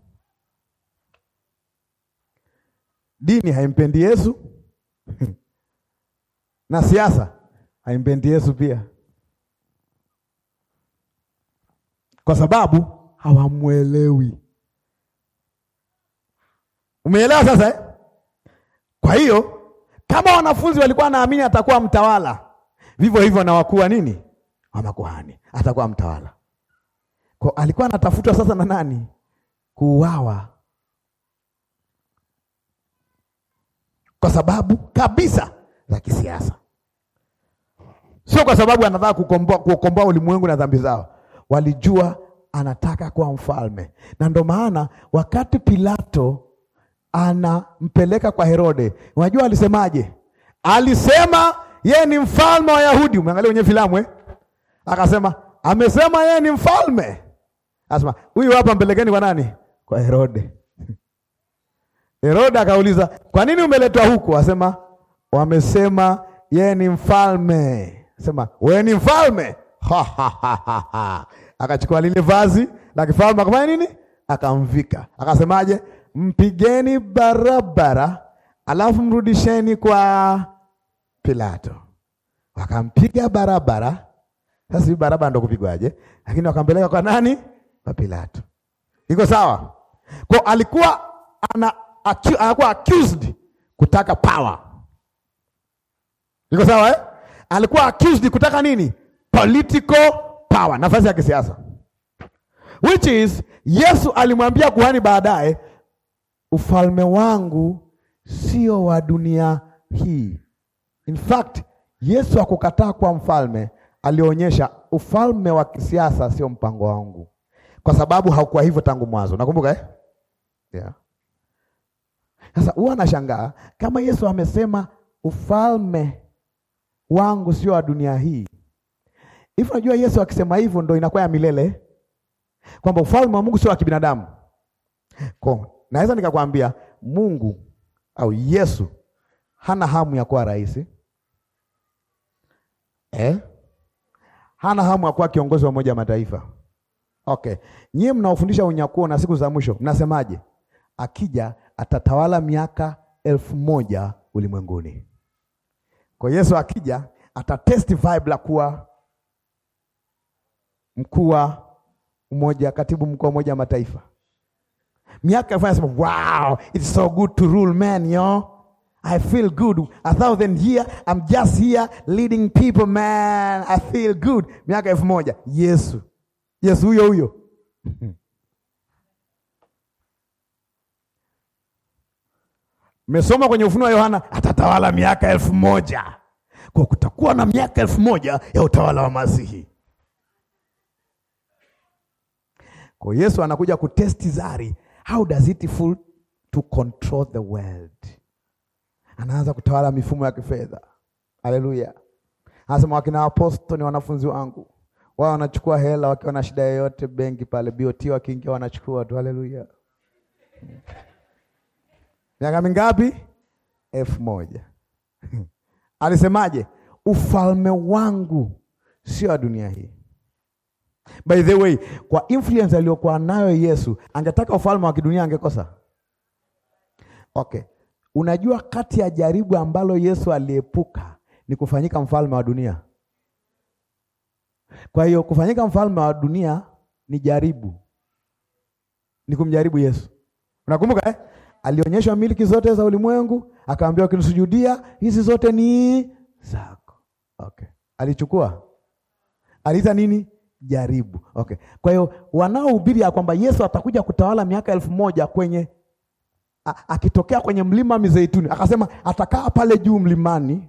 A: Dini haimpendi Yesu (laughs) na siasa haimpendi Yesu pia, kwa sababu hawamwelewi. Umeelewa sasa eh? Kwa hiyo kama wanafunzi walikuwa naamini atakuwa mtawala, vivyo hivyo na wa nini wa makuhani atakuwa mtawala. Kwa alikuwa anatafutwa sasa na nani? Kuuawa, kwa sababu kabisa za kisiasa. Sio kwa sababu anataka kukomboa ulimwengu na dhambi zao, walijua anataka kuwa mfalme, na ndio maana wakati Pilato anampeleka kwa Herode, unajua alisemaje? Alisema yeye ni mfalme wa Yahudi. Umeangalia kwenye filamu eh? Akasema amesema yeye ni mfalme, asema huyu hapa, mpelekeni kwa nani? Kwa Herode. (laughs) Herode akauliza, kwa nini umeletwa huku? Asema wamesema yeye ni mfalme. Sema wewe ni mfalme. Akachukua lile vazi la kifalme akafanya nini? Akamvika. Akasemaje? Mpigeni barabara, alafu mrudisheni kwa Pilato. Wakampiga barabara. Sasa hii barabara ndo kupigwaje? Lakini wakampeleka kwa nani? Kwa Pilato. Iko sawa? Kwa alikuwa ana anakuwa accused kutaka power. Iko sawa eh? alikuwa accused kutaka nini? Political power, nafasi ya kisiasa, which is Yesu alimwambia kuhani baadaye, ufalme wangu sio wa dunia hii. In fact, Yesu akukataa kuwa mfalme, alionyesha ufalme wa kisiasa sio mpango wangu, kwa sababu haukuwa hivyo tangu mwanzo. Nakumbuka eh? Yeah. Sasa huwa anashangaa kama Yesu amesema ufalme wangu sio wa dunia hii. Hivi unajua Yesu akisema hivyo ndio inakuwa ya milele, kwamba ufalme wa Mungu sio wa kibinadamu. Kwa naweza nikakwambia Mungu au Yesu hana hamu ya kuwa rais eh? Hana hamu ya kuwa kiongozi wa Umoja wa Mataifa. Okay, nyie mnaofundisha unyakuo na siku za mwisho mnasemaje? Akija atatawala miaka elfu moja ulimwenguni. Kwa Yesu akija atatestify bila kuwa mkuu wa umoja, katibu mkuu wa Umoja wa Mataifa. Miaka ifanya sema, wow, it's so good to rule man yo. I feel good. A thousand year, I'm just here leading people man. I feel good. Miaka elfu moja. Yesu. Yesu huyo huyo. (laughs) mesoma kwenye Ufunuo wa Yohana atatawala miaka elfu moja kwa kutakuwa na miaka elfu moja ya utawala wa Masihi. Kwa Yesu anakuja kutesti zari, how does it feel to control the world? Anaanza kutawala mifumo ya kifedha. Haleluya! Anasema wakina apostol ni wanafunzi wangu, wao wanachukua hela wakiwa na shida yoyote benki pale, BOT wakiingia wanachukua tu. Haleluya! miaka mingapi? elfu moja. (laughs) Alisemaje? Ufalme wangu sio wa dunia hii. By the way, kwa influence aliyokuwa nayo Yesu, angetaka ufalme wa kidunia angekosa? Okay. Unajua kati ya jaribu ambalo Yesu aliepuka ni kufanyika mfalme wa dunia. Kwa hiyo kufanyika mfalme wa dunia ni jaribu, ni kumjaribu Yesu. Unakumbuka eh? alionyeshwa miliki zote za ulimwengu, akaambiwa ukinisujudia, hizi zote ni zako. Okay, alichukua aliita nini? Jaribu. Okay, kwa hiyo wanaohubiri ya kwamba Yesu atakuja kutawala miaka elfu moja kwenye a, akitokea kwenye mlima Mizeituni akasema atakaa pale juu mlimani.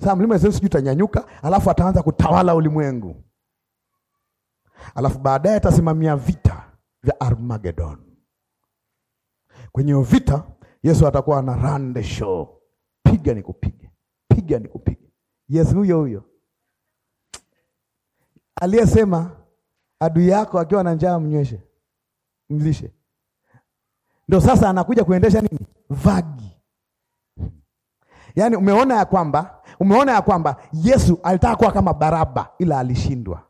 A: Sasa mlima Mizeituni sijui utanyanyuka, alafu ataanza kutawala ulimwengu, alafu baadaye atasimamia vita vya Armageddon. Kwenye vita Yesu atakuwa ana run the show, piga nikupige, piga nikupige. Yesu huyo huyo aliyesema adui yako akiwa na njaa mnyweshe, mlishe. Ndio sasa anakuja kuendesha nini vagi. Yaani umeona ya kwamba umeona ya kwamba Yesu alitaka kuwa kama Baraba ila alishindwa.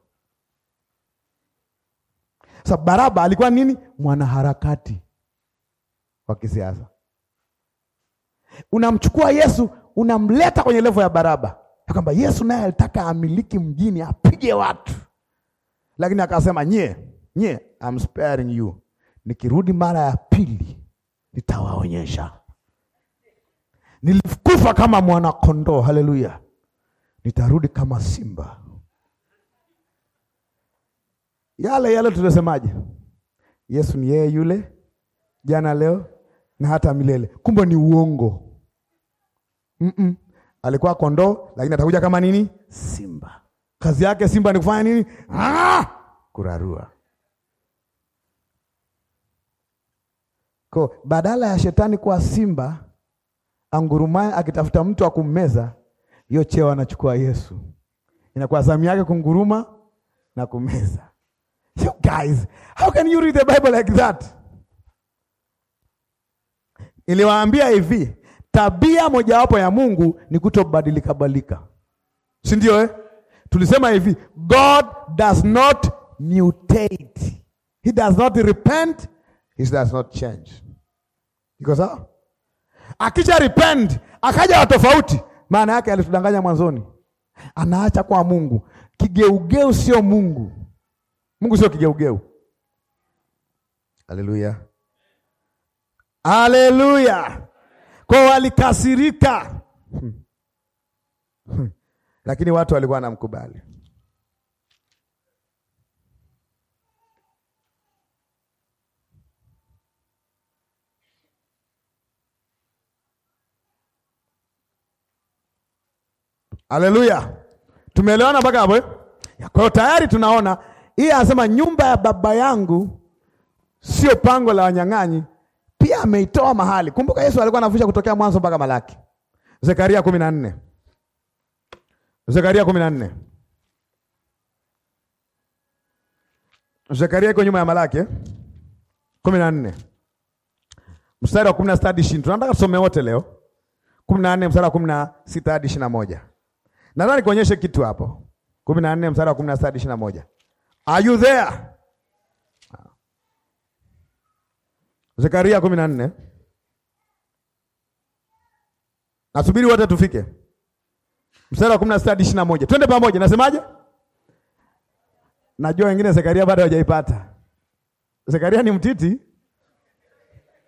A: Sababu Baraba alikuwa nini? Mwanaharakati wa kisiasa. Unamchukua Yesu unamleta kwenye levo ya Baraba, ya kwamba Yesu naye alitaka amiliki mjini apige watu, lakini akasema nye nye, I'm sparing you, nikirudi mara ya pili nitawaonyesha. Nilikufa kama mwana kondoo, haleluya, nitarudi kama simba. Yale yale tulisemaje? Yesu ni yeye yule jana, leo na hata milele. Kumbe ni uongo. Mm -mm. Alikuwa kondoo lakini atakuja kama nini? Simba. Kazi yake simba ni kufanya nini? Ah! Kurarua. Ko, badala ya shetani kuwa simba angurumaye akitafuta mtu wa kummeza, hiyo cheo anachukua Yesu. Inakuwa zamu yake kunguruma na kumeza. You guys, how can you read the Bible like that? Niliwaambia hivi, tabia mojawapo ya Mungu ni kutobadilika badilika, si ndio eh? Tulisema hivi, God does not mutate, he does not repent, he does not change. Iko sawa? Akija repent, akaja wa tofauti maana yake alitudanganya mwanzoni, anaacha kwa Mungu. Kigeugeu sio Mungu. Mungu sio kigeugeu. Haleluya. Haleluya! Kwa walikasirika Lakini watu walikuwa wanamkubali. Haleluya, tumeelewana mpaka hapo eh? Kwa hiyo tayari tunaona hii anasema, nyumba ya baba yangu sio pango la wanyang'anyi pia ameitoa mahali. Kumbuka Yesu alikuwa anavusha kutokea mwanzo mpaka Malaki. Zekaria kumi na nne Zekaria kumi na nne Zekaria iko nyuma ya Malaki eh? kumi na nne mstari wa kumi na sita hadi ishirini. Tunataka tusome wote leo kumi na nne mstari wa kumi na sita hadi ishirini na moja. Nadhani kuonyeshe kitu hapo. kumi na nne mstari wa kumi na sita hadi ishirini na moja. Are you there? Zekaria kumi na nne. Nasubiri wote tufike mstari wa kumi na sita hadi ishirini na moja. Twende pamoja, nasemaje? Najua wengine Zekaria bado hawajaipata. Zekaria ni mtiti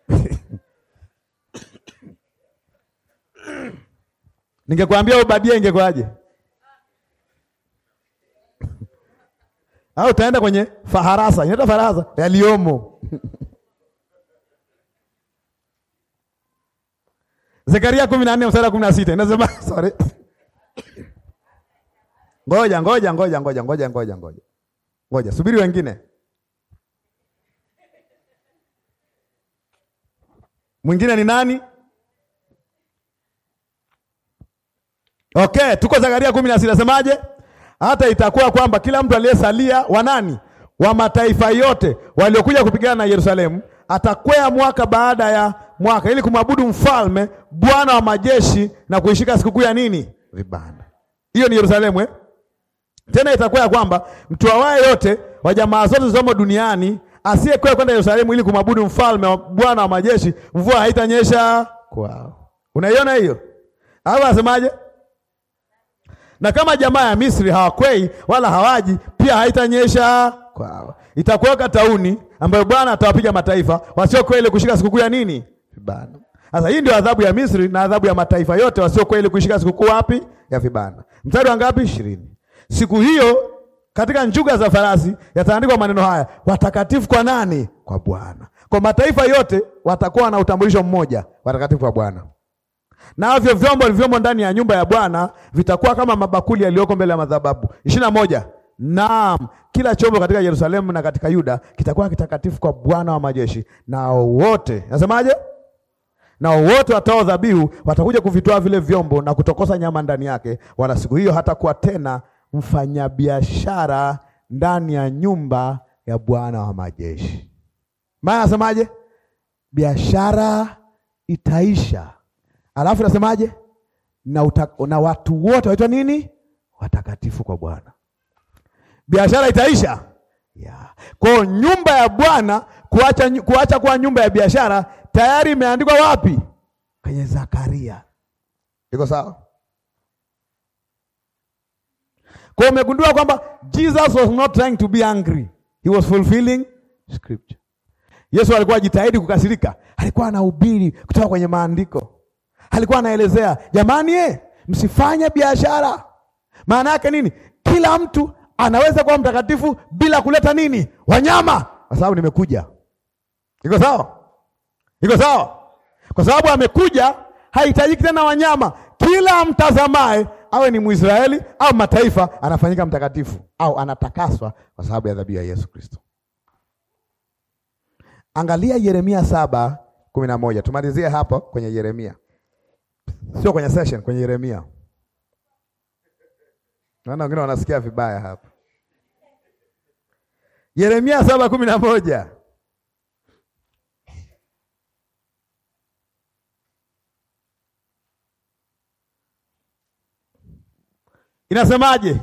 A: (laughs) Ningekwambia Obadia ingekwaje? Au utaenda kwenye faharasa, inaitwa faharasa yaliomo (laughs) Zekaria kumi na mstari wa na sita inasema (laughs) sorry. Ngoja ngoja ngoja ngoja ngoja ngoja ngoja ngoja, subiri wengine. Mwingine ni nani? Okay, tuko Zakaria kumi na sita semaje? Hata itakuwa kwamba kila mtu aliyesalia wa nani wa mataifa yote waliokuja kupigana na Yerusalemu atakwea mwaka baada ya mwaka ili kumwabudu mfalme Bwana wa majeshi na kuishika sikukuu ya nini? Vibanda. Hiyo ni Yerusalemu eh? Tena itakuwa ya kwamba awaye yote wa jamaa zote zilizomo duniani asiyekuwa kwenda Yerusalemu ili kumwabudu mfalme wa Bwana wa majeshi, mvua haitanyesha kwao. Unaiona hiyo? Hapo asemaje? Na kama jamaa ya Misri hawakwei wala hawaji, pia haitanyesha kwao. Itakuwa tauni ambayo Bwana atawapiga mataifa wasiokuwa ile kushika sikukuu ya nini? vibana. Sasa hii ndio adhabu ya Misri na adhabu ya mataifa yote wasiokweli kuishika sikukuu wapi ya vibana. Mstari wa ngapi? ishirini. Siku hiyo katika njuga za farasi yataandikwa maneno haya, watakatifu kwa nani? Kwa Bwana. Kwa mataifa yote watakuwa na utambulisho mmoja, watakatifu kwa Bwana. Navyo vyombo vilivyomo ndani ya nyumba ya Bwana vitakuwa kama mabakuli yaliyoko mbele ya madhabahu. ishirini na moja. Naam, kila chombo katika Yerusalemu na katika Yuda kitakuwa kitakatifu kwa Bwana wa majeshi, nao wote nasemaje? na wote watao dhabihu watakuja kuvitoa vile vyombo na kutokosa nyama ndani yake, wala siku hiyo hatakuwa tena mfanyabiashara ndani ya nyumba ya Bwana wa majeshi. Maana nasemaje? Biashara itaisha, alafu nasemaje? Na, na watu wote waitwa nini? Watakatifu kwa Bwana. Biashara itaisha, yeah. Kwa nyumba ya Bwana kuacha, kuacha kuwa nyumba ya biashara tayari imeandikwa wapi? Kwenye Zakaria. Iko sawa? Kwa umegundua kwamba Jesus was not trying to be angry. He was fulfilling scripture. Yesu alikuwa ajitahidi kukasirika, alikuwa anahubiri kutoka kwenye maandiko, alikuwa anaelezea jamani, ye eh, msifanye biashara. Maana yake nini? Kila mtu anaweza kuwa mtakatifu bila kuleta nini, wanyama, kwa sababu nimekuja. Iko sawa? Iko sawa? Kwa sababu amekuja, hahitajiki tena wanyama. Kila mtazamaye awe ni Mwisraeli au mataifa, anafanyika mtakatifu au anatakaswa kwa sababu ya dhabihu ya Yesu Kristo. Angalia Yeremia saba kumi na moja. Tumalizie hapo kwenye Yeremia, sio kwenye session, kwenye Yeremia. Naona wengine wanasikia vibaya hapa. Yeremia saba kumi na moja. Inasemaje?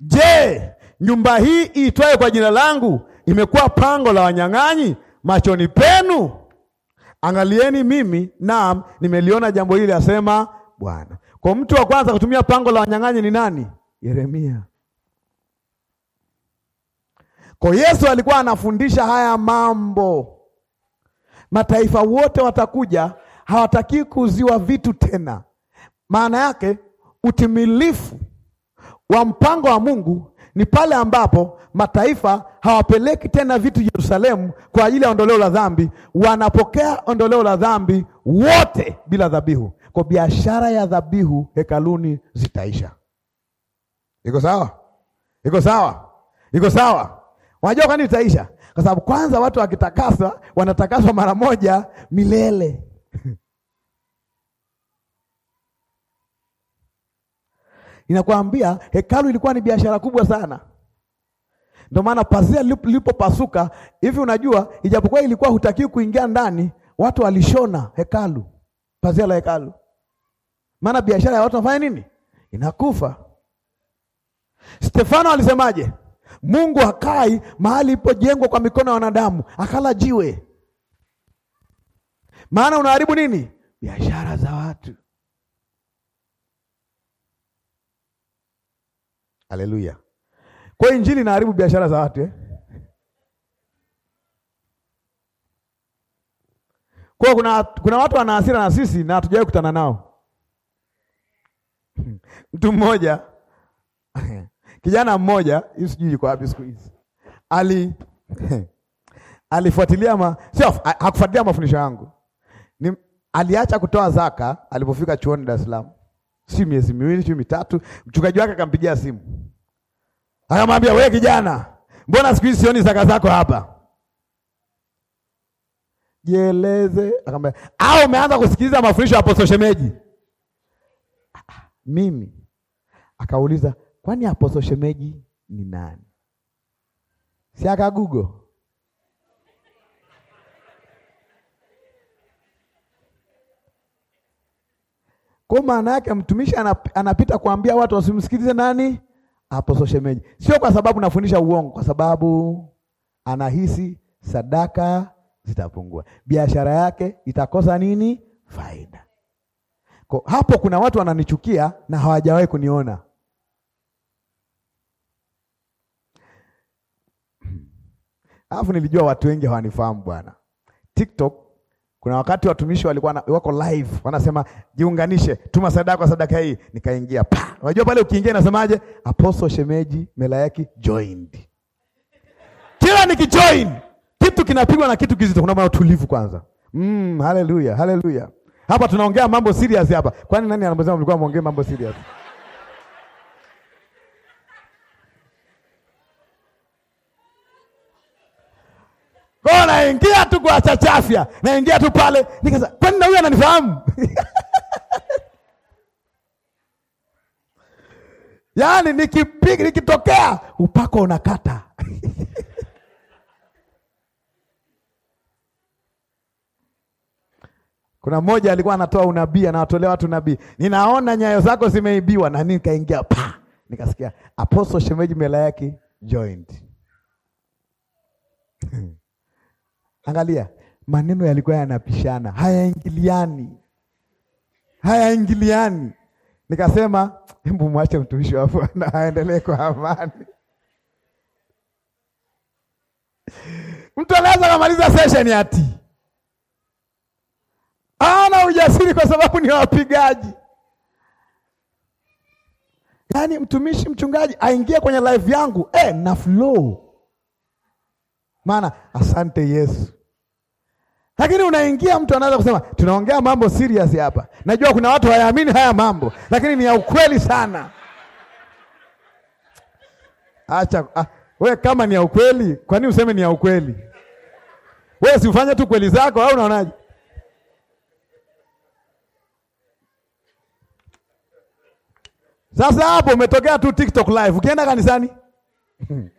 A: Je, nyumba hii iitwayo kwa jina langu imekuwa pango la wanyang'anyi machoni penu? Angalieni mimi, naam, nimeliona jambo hili, asema Bwana. Kwa mtu wa kwanza kutumia pango la wanyang'anyi ni nani? Yeremia. Kwa Yesu alikuwa anafundisha haya mambo. Mataifa wote watakuja, hawataki kuuziwa vitu tena. Maana yake utimilifu wa mpango wa Mungu ni pale ambapo mataifa hawapeleki tena vitu Yerusalemu kwa ajili ya ondoleo la dhambi, wanapokea ondoleo la dhambi wote bila dhabihu. Kwa biashara ya dhabihu hekaluni zitaisha. Iko sawa? Iko sawa? Iko sawa? Unajua nini itaisha? Kwa sababu kwanza watu wakitakaswa wanatakaswa mara moja milele (laughs) Ninakwambia hekalu ilikuwa ni biashara kubwa sana. Ndio maana pazia lilipopasuka hivi, unajua, ijapokuwa ilikuwa hutakiwi kuingia ndani, watu walishona hekalu, pazia la hekalu, maana biashara ya watu wanafanya nini? Inakufa. Stefano alisemaje? Mungu hakai mahali ipojengwa kwa mikono ya wanadamu, akala jiwe, maana unaharibu nini? Biashara za watu. Haleluya. Kwa injili inaharibu biashara za watu eh? Kwa kuna, kuna watu wana hasira na sisi na hatujawahi kutana nao. (laughs) Mtu mmoja (laughs) kijana mmoja hii sijui yuko wapi siku hizi ali (laughs) alifuatilia ma, sio hakufuatilia mafundisho yangu, ni aliacha kutoa zaka alipofika chuoni Dar es Salaam si miezi miwili, si mitatu, mchungaji wake akampigia simu akamwambia, we kijana, mbona siku hizi sioni zaka zako hapa, jieleze. Akamwambia, au umeanza kusikiliza mafundisho ya aposto Shemeji? Mimi akauliza, kwani aposto Shemeji ni nani? Si aka Google Kwa maana yake mtumishi anap, anapita kuambia watu wasimsikilize nani? Hapo shemeji. Sio kwa sababu nafundisha uongo, kwa sababu anahisi sadaka zitapungua, biashara yake itakosa nini? Faida. Kwa hapo kuna watu wananichukia na hawajawahi kuniona. Alafu nilijua watu wengi hawanifahamu bwana. TikTok kuna wakati watumishi walikuwa na, wako live wanasema jiunganishe, tuma sadaka sadaka hii, nikaingia pa. Unajua pale ukiingia nasemaje? Apostle Shemeji melaiki joined. Kila nikijoin kitu kinapigwa na kitu kizito, kuna maana utulivu kwanza. Mm, haleluya, haleluya. Hapa tunaongea mambo serious hapa. Kwani nani anasema mlikuwa muongee mambo serious? Kwa naingia tu kwa chachafya, naingia tu pale, nikasema kwani na huyu ananifahamu? (laughs) Yaani nikipiga nikitokea upako unakata. (laughs) Kuna mmoja alikuwa anatoa unabii, anawatolea watu nabii, ninaona nyayo zako zimeibiwa, na kaingia pa, nikasikia apostle shemeji mela yake joint (laughs) Angalia, maneno yalikuwa yanapishana, hayaingiliani, hayaingiliani. Nikasema hebu mwache mtumishi wa Bwana (laughs) aendelee kwa amani. Mtu anaweza kamaliza sesheni ati ana ujasiri kwa sababu ni wapigaji. Yaani mtumishi mchungaji aingie kwenye live yangu eh, na flow maana asante Yesu lakini unaingia mtu anaanza kusema tunaongea mambo serious hapa. Najua kuna watu hayaamini haya mambo, lakini ni ya ukweli sana. Acha ah, we kama ni ya ukweli, kwa nini useme ni ya ukweli? Wewe si ufanye tu kweli zako au unaonaje? Sasa hapo umetokea tu TikTok live. Ukienda kanisani? (laughs)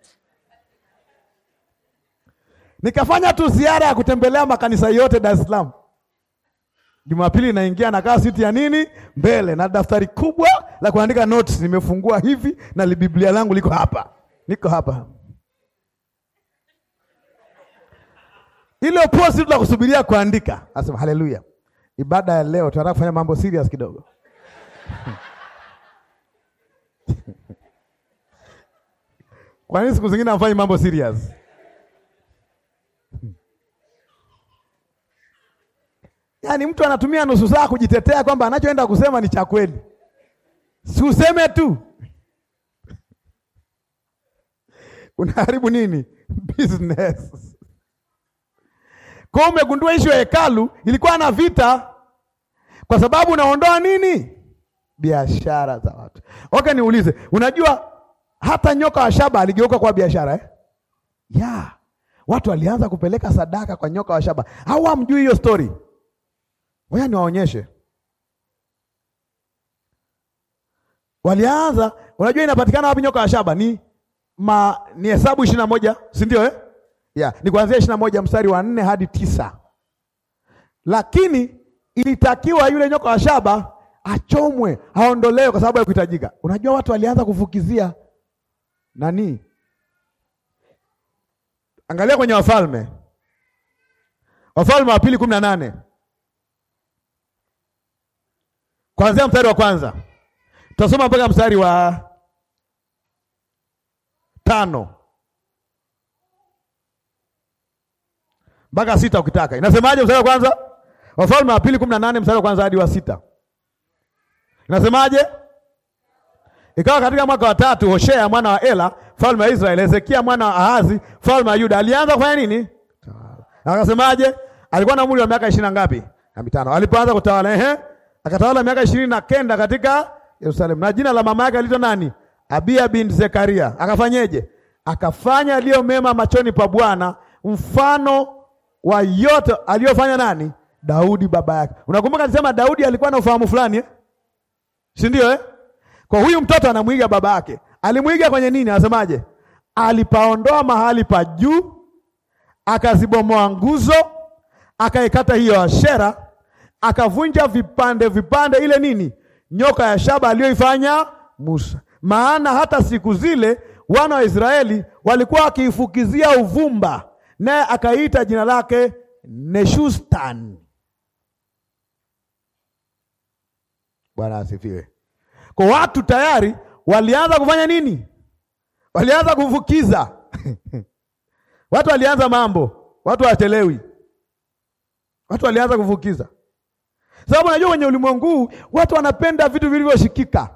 A: Nikafanya tu ziara ya kutembelea makanisa yote Dar es Salaam. Jumapili naingia nakaa siti ya nini mbele na daftari kubwa la kuandika notes nimefungua hivi na Biblia langu liko hapa. Niko hapa. Ile post la kusubiria kuandika. Asema haleluya. Ibada ya leo tunataka kufanya mambo serious kidogo. (laughs) Kwa nini siku zingine hafanyi mambo serious? Yaani mtu anatumia nusu saa kujitetea kwamba anachoenda kusema ni cha kweli. Si useme tu. Unaharibu nini? Business. Kwa umegundua ishu ya hekalu ilikuwa na vita kwa sababu unaondoa nini? Biashara za watu. Okay, niulize, unajua hata nyoka wa shaba aligeuka kwa biashara eh? Ya. Yeah. Watu walianza kupeleka sadaka kwa nyoka wa shaba. Hawamjui hiyo story. Ngoja niwaonyeshe. Walianza, unajua inapatikana wapi nyoka ya shaba? Ni ma, ni Hesabu ishirini na moja, si ndio eh? Yeah, ni kuanzia ishirini na moja mstari wa nne hadi tisa. Lakini ilitakiwa yule nyoka wa shaba achomwe, aondolewe kwa sababu ya kuhitajika. Unajua watu walianza kufukizia nani? Angalia kwenye Wafalme, Wafalme wa pili kumi na nane Kuanzia mstari wa kwanza tutasoma mpaka mstari wa tano mpaka sita ukitaka. Inasemaje mstari wa kwanza? Wafalme wa pili kumi na nane mstari wa kwanza hadi wa sita inasemaje? Ikawa katika mwaka wa tatu Hoshea mwana wa Ela falme wa Israeli, Hezekia mwana wa Ahazi falme wa Yuda alianza kufanya nini? Akasemaje? alikuwa na umri wa miaka ishirini na ngapi? na mitano alipoanza kutawala. Ehe, akatawala miaka ishirini na kenda katika Yerusalemu. Na jina la mama yake alitwa nani? Abia bin Zekaria. Akafanyeje? Akafanya aliyo mema machoni pa Bwana, mfano wa yote aliyofanya nani? Daudi baba yake. Unakumbuka nilisema Daudi alikuwa na ufahamu fulani eh? Si ndio eh? Kwa huyu mtoto anamwiga baba yake. Alimwiga kwenye nini? Anasemaje? Alipaondoa mahali pa juu, akazibomoa nguzo, akaikata hiyo Ashera akavunja vipande vipande ile nini, nyoka ya shaba aliyoifanya Musa. Maana hata siku zile wana wa Israeli walikuwa wakiifukizia uvumba, naye akaita jina lake Neshustan. Bwana asifiwe. Kwa watu tayari walianza kufanya nini? Walianza kuvukiza (laughs) watu walianza mambo, watu wachelewi, watu walianza kuvukiza sababu najua kwenye ulimwengu watu wanapenda vitu vilivyoshikika,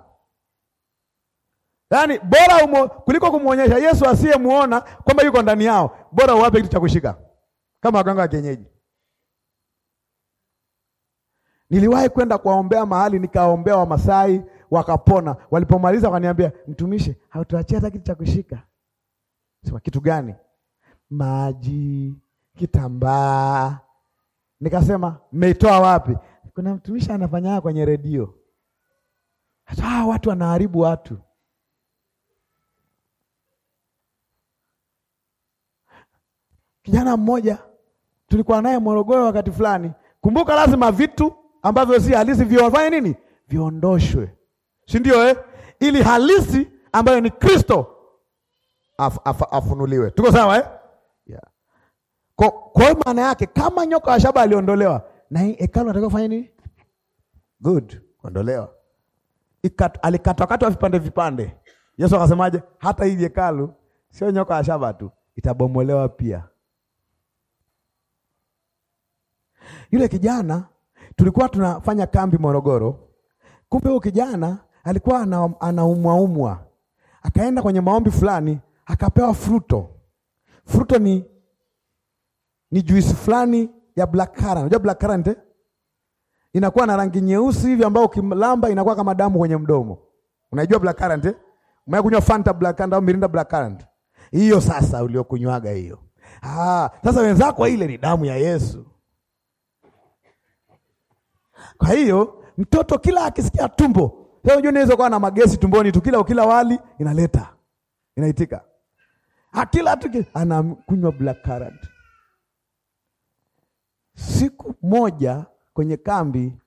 A: yaani bora umo, kuliko kumwonyesha Yesu asiyemuona kwamba yuko ndani yao, bora uwape kitu cha kushika kama waganga wa kienyeji. Niliwahi kwenda kuwaombea mahali, nikaombea Wamasai wakapona. Walipomaliza wakaniambia, mtumishi, hautuachia hata kitu cha kushika. Sema kitu gani? Maji, kitambaa. Nikasema mmeitoa wapi? kuna mtumishi anafanyaa kwenye redio hata watu wanaharibu watu. Kijana mmoja tulikuwa naye Morogoro wakati fulani. Kumbuka, lazima vitu ambavyo si halisi viwafanye nini, viondoshwe, si ndio eh? Ili halisi ambayo ni Kristo af, af, afunuliwe. Tuko sawa eh? Yeah. Kwa hiyo maana yake kama nyoka wa shaba aliondolewa na hii hekalu nataka kufanya nini? Good, ondolewa. Alikatwakatwa vipande vipande. Yesu akasemaje? Hata hii hekalu sio nyoka ya shaba tu, itabomolewa pia. Yule kijana tulikuwa tunafanya kambi Morogoro, kumbe huyo kijana alikuwa anaumwaumwa, akaenda kwenye maombi fulani akapewa fruto. Fruto ni ni juisi fulani ya black currant. Unajua black currant eh? Inakuwa na rangi nyeusi hivi ambayo ukilamba inakuwa kama damu kwenye mdomo. Unajua black currant eh? kunywa Fanta black currant au Mirinda black currant. Hiyo sasa uliokunywaga hiyo. Ah, sasa wenzako ile ni damu ya Yesu. Kwa hiyo mtoto kila akisikia tumbo, sasa unajua inaweza kuwa na magesi tumboni tu, kila ukila wali inaleta. Inaitika. Akila ah, tu anakunywa black currant. Siku moja kwenye kambi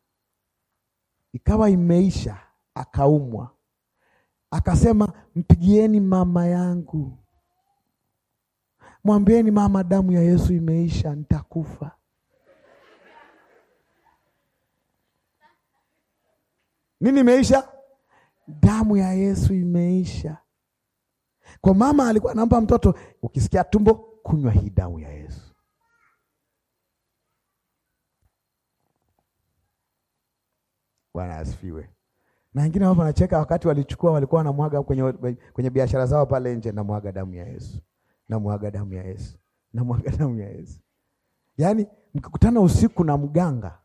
A: ikawa imeisha, akaumwa, akasema mpigieni mama yangu, mwambieni mama, damu ya Yesu imeisha, nitakufa. Nini imeisha? Damu ya Yesu imeisha. Kwa mama alikuwa anampa mtoto, ukisikia tumbo, kunywa hii damu ya Yesu. Bwana asifiwe. Na wengine wapo wanacheka, wakati walichukua walikuwa wanamwaga kwenye, kwenye biashara zao pale nje, na mwaga damu ya Yesu, na mwaga damu ya Yesu, na mwaga damu ya Yesu. Yaani mkikutana usiku na mganga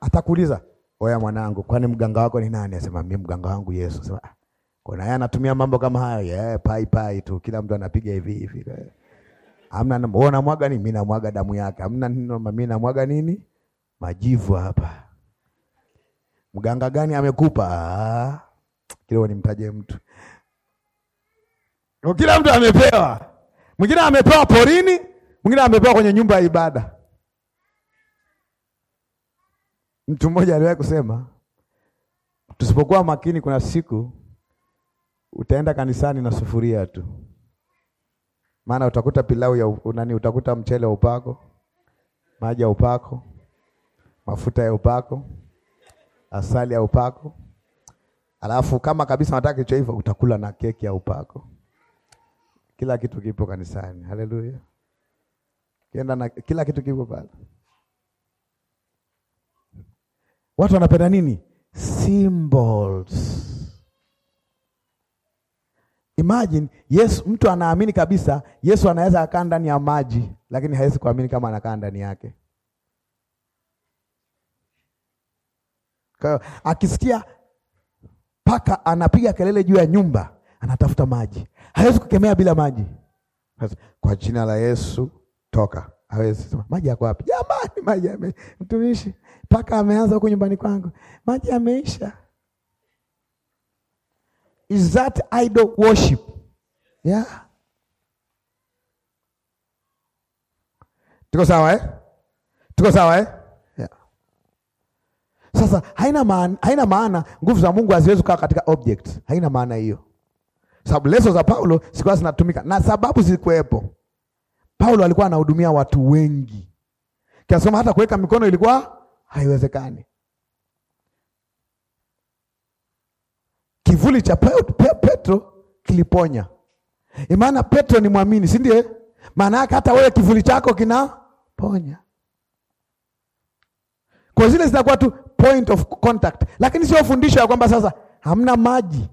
A: atakuuliza oya, mwanangu, kwani mganga wako ni nani? Asema mimi mganga wangu Yesu. Sema ah, kuna yeye anatumia mambo kama hayo yeah, pai pai tu, kila mtu anapiga hivi hivi, amna namwaga nini? Mimi namwaga damu yake. Amna nini? Mimi namwaga nini? majivu hapa. Mganga gani amekupa? Kile nimtaje mtu? Kila mtu amepewa. Mwingine amepewa porini, mwingine amepewa kwenye nyumba ya ibada. Mtu mmoja aliwahi kusema, tusipokuwa makini, kuna siku utaenda kanisani na sufuria tu, maana utakuta pilau ya unani, utakuta mchele wa upako, maji ya upako, mafuta ya upako, asali ya upako. Alafu kama kabisa unataka kicho hivyo, utakula na keki ya upako. Kila kitu kipo kanisani. Haleluya! Kienda na kila kitu kipo pale. Watu wanapenda nini? Symbols. Imagine, yes, mtu anaamini kabisa Yesu anaweza akaa ndani ya maji, lakini hawezi kuamini kama anakaa ndani yake. Kwa hiyo akisikia paka anapiga kelele juu ya nyumba, anatafuta maji, hawezi kukemea bila maji. Kwa jina la Yesu toka, hawezi sema maji yako wapi? Jamani, maji yame, mtumishi, paka ameanza huko nyumbani kwangu, maji yameisha. Is that idol worship? Yeah. Tuko sawa eh? Tuko sawa eh? Sasa haina maana, haina maana nguvu za Mungu haziwezi kukaa katika object. Haina maana hiyo, sababu leso za Paulo sikuwa zinatumika na sababu zilikuwepo. Paulo alikuwa anahudumia watu wengi kiasi hata kuweka mikono ilikuwa haiwezekani. Kivuli cha Petro kiliponya. imaana Petro ni mwamini, si ndiye? Maana yake hata wewe kivuli chako kinaponya. Kwa zile zinakuwa tu point of contact, lakini sio fundisho ya kwamba sasa hamna maji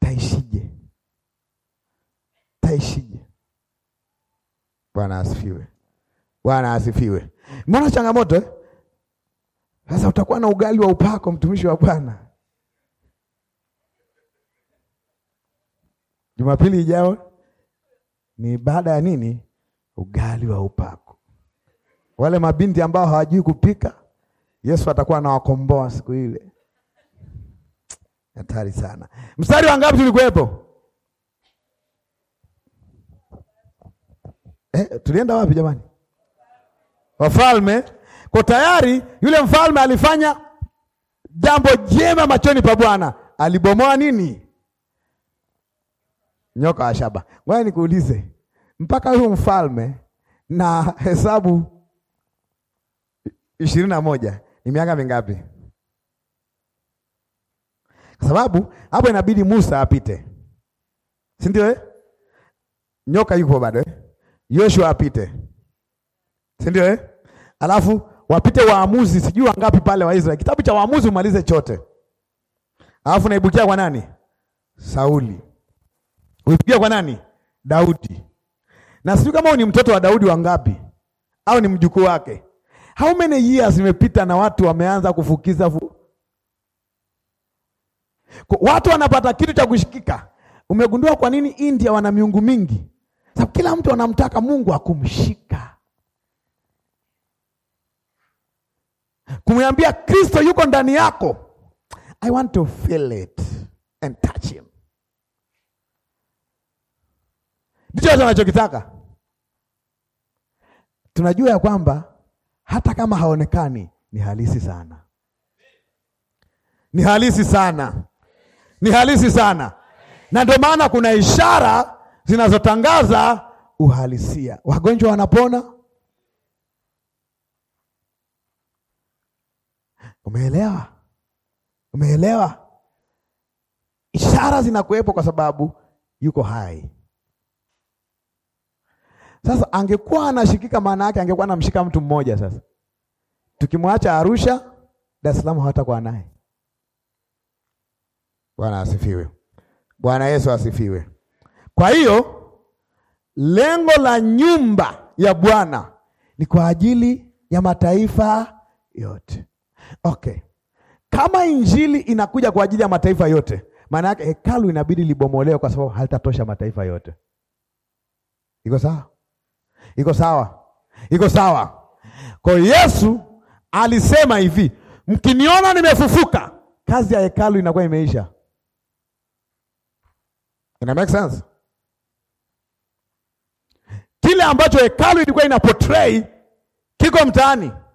A: taishije, taishije. Bwana asifiwe, Bwana asifiwe. Mbona changamoto eh? Sasa utakuwa na ugali wa upako, mtumishi wa Bwana. Jumapili ijao ni baada ya nini? Ugali wa upako. Wale mabinti ambao hawajui kupika Yesu atakuwa anawakomboa siku ile. Hatari sana. Mstari wa ngapi tulikuwepo? Eh, tulienda wapi jamani? Wafalme. Kwa tayari yule mfalme alifanya jambo jema machoni pa Bwana. Alibomoa nini? Nyoka wa shaba. Ngoja nikuulize. Mpaka huyu mfalme na Hesabu ishirini na moja ni miaka mingapi? Kwa sababu hapo inabidi Musa apite, si ndio? Eh, nyoka yupo bado eh? Yoshua apite, si ndio eh? Alafu wapite waamuzi, sijui wangapi pale wa Israeli. Kitabu cha Waamuzi umalize chote, alafu naibukia kwa nani? Sauli. Uibukia kwa nani? Daudi. Na sijui kama ni mtoto wa Daudi wangapi au ni mjukuu wake How many years imepita na watu wameanza kufukiza fu... watu wanapata kitu cha kushikika. Umegundua kwa nini India wana miungu mingi? Sababu kila mtu anamtaka Mungu akumshika, kumwambia Kristo yuko ndani yako. I want to feel it and touch him. Ndicho anachokitaka. Tunajua ya kwamba hata kama haonekani, ni halisi sana, ni halisi sana, ni halisi sana. Na ndio maana kuna ishara zinazotangaza uhalisia. Wagonjwa wanapona. Umeelewa? Umeelewa? Ishara zinakuwepo kwa sababu yuko hai. Sasa angekuwa anashikika, maana yake angekuwa anamshika mtu mmoja. Sasa tukimwacha Arusha, Dar es Salaam hawatakuwa naye. Bwana asifiwe. Bwana Yesu asifiwe. Kwa hiyo lengo la nyumba ya Bwana ni kwa ajili ya mataifa yote. Okay, kama injili inakuja kwa ajili ya mataifa yote, maana yake hekalu inabidi libomolewe, kwa sababu halitatosha mataifa yote. Iko sawa? Iko sawa? Iko sawa? Kwa Yesu alisema hivi, mkiniona nimefufuka, kazi ya hekalu inakuwa imeisha. Ina make sense? Kile ambacho hekalu ilikuwa ina portray kiko mtaani.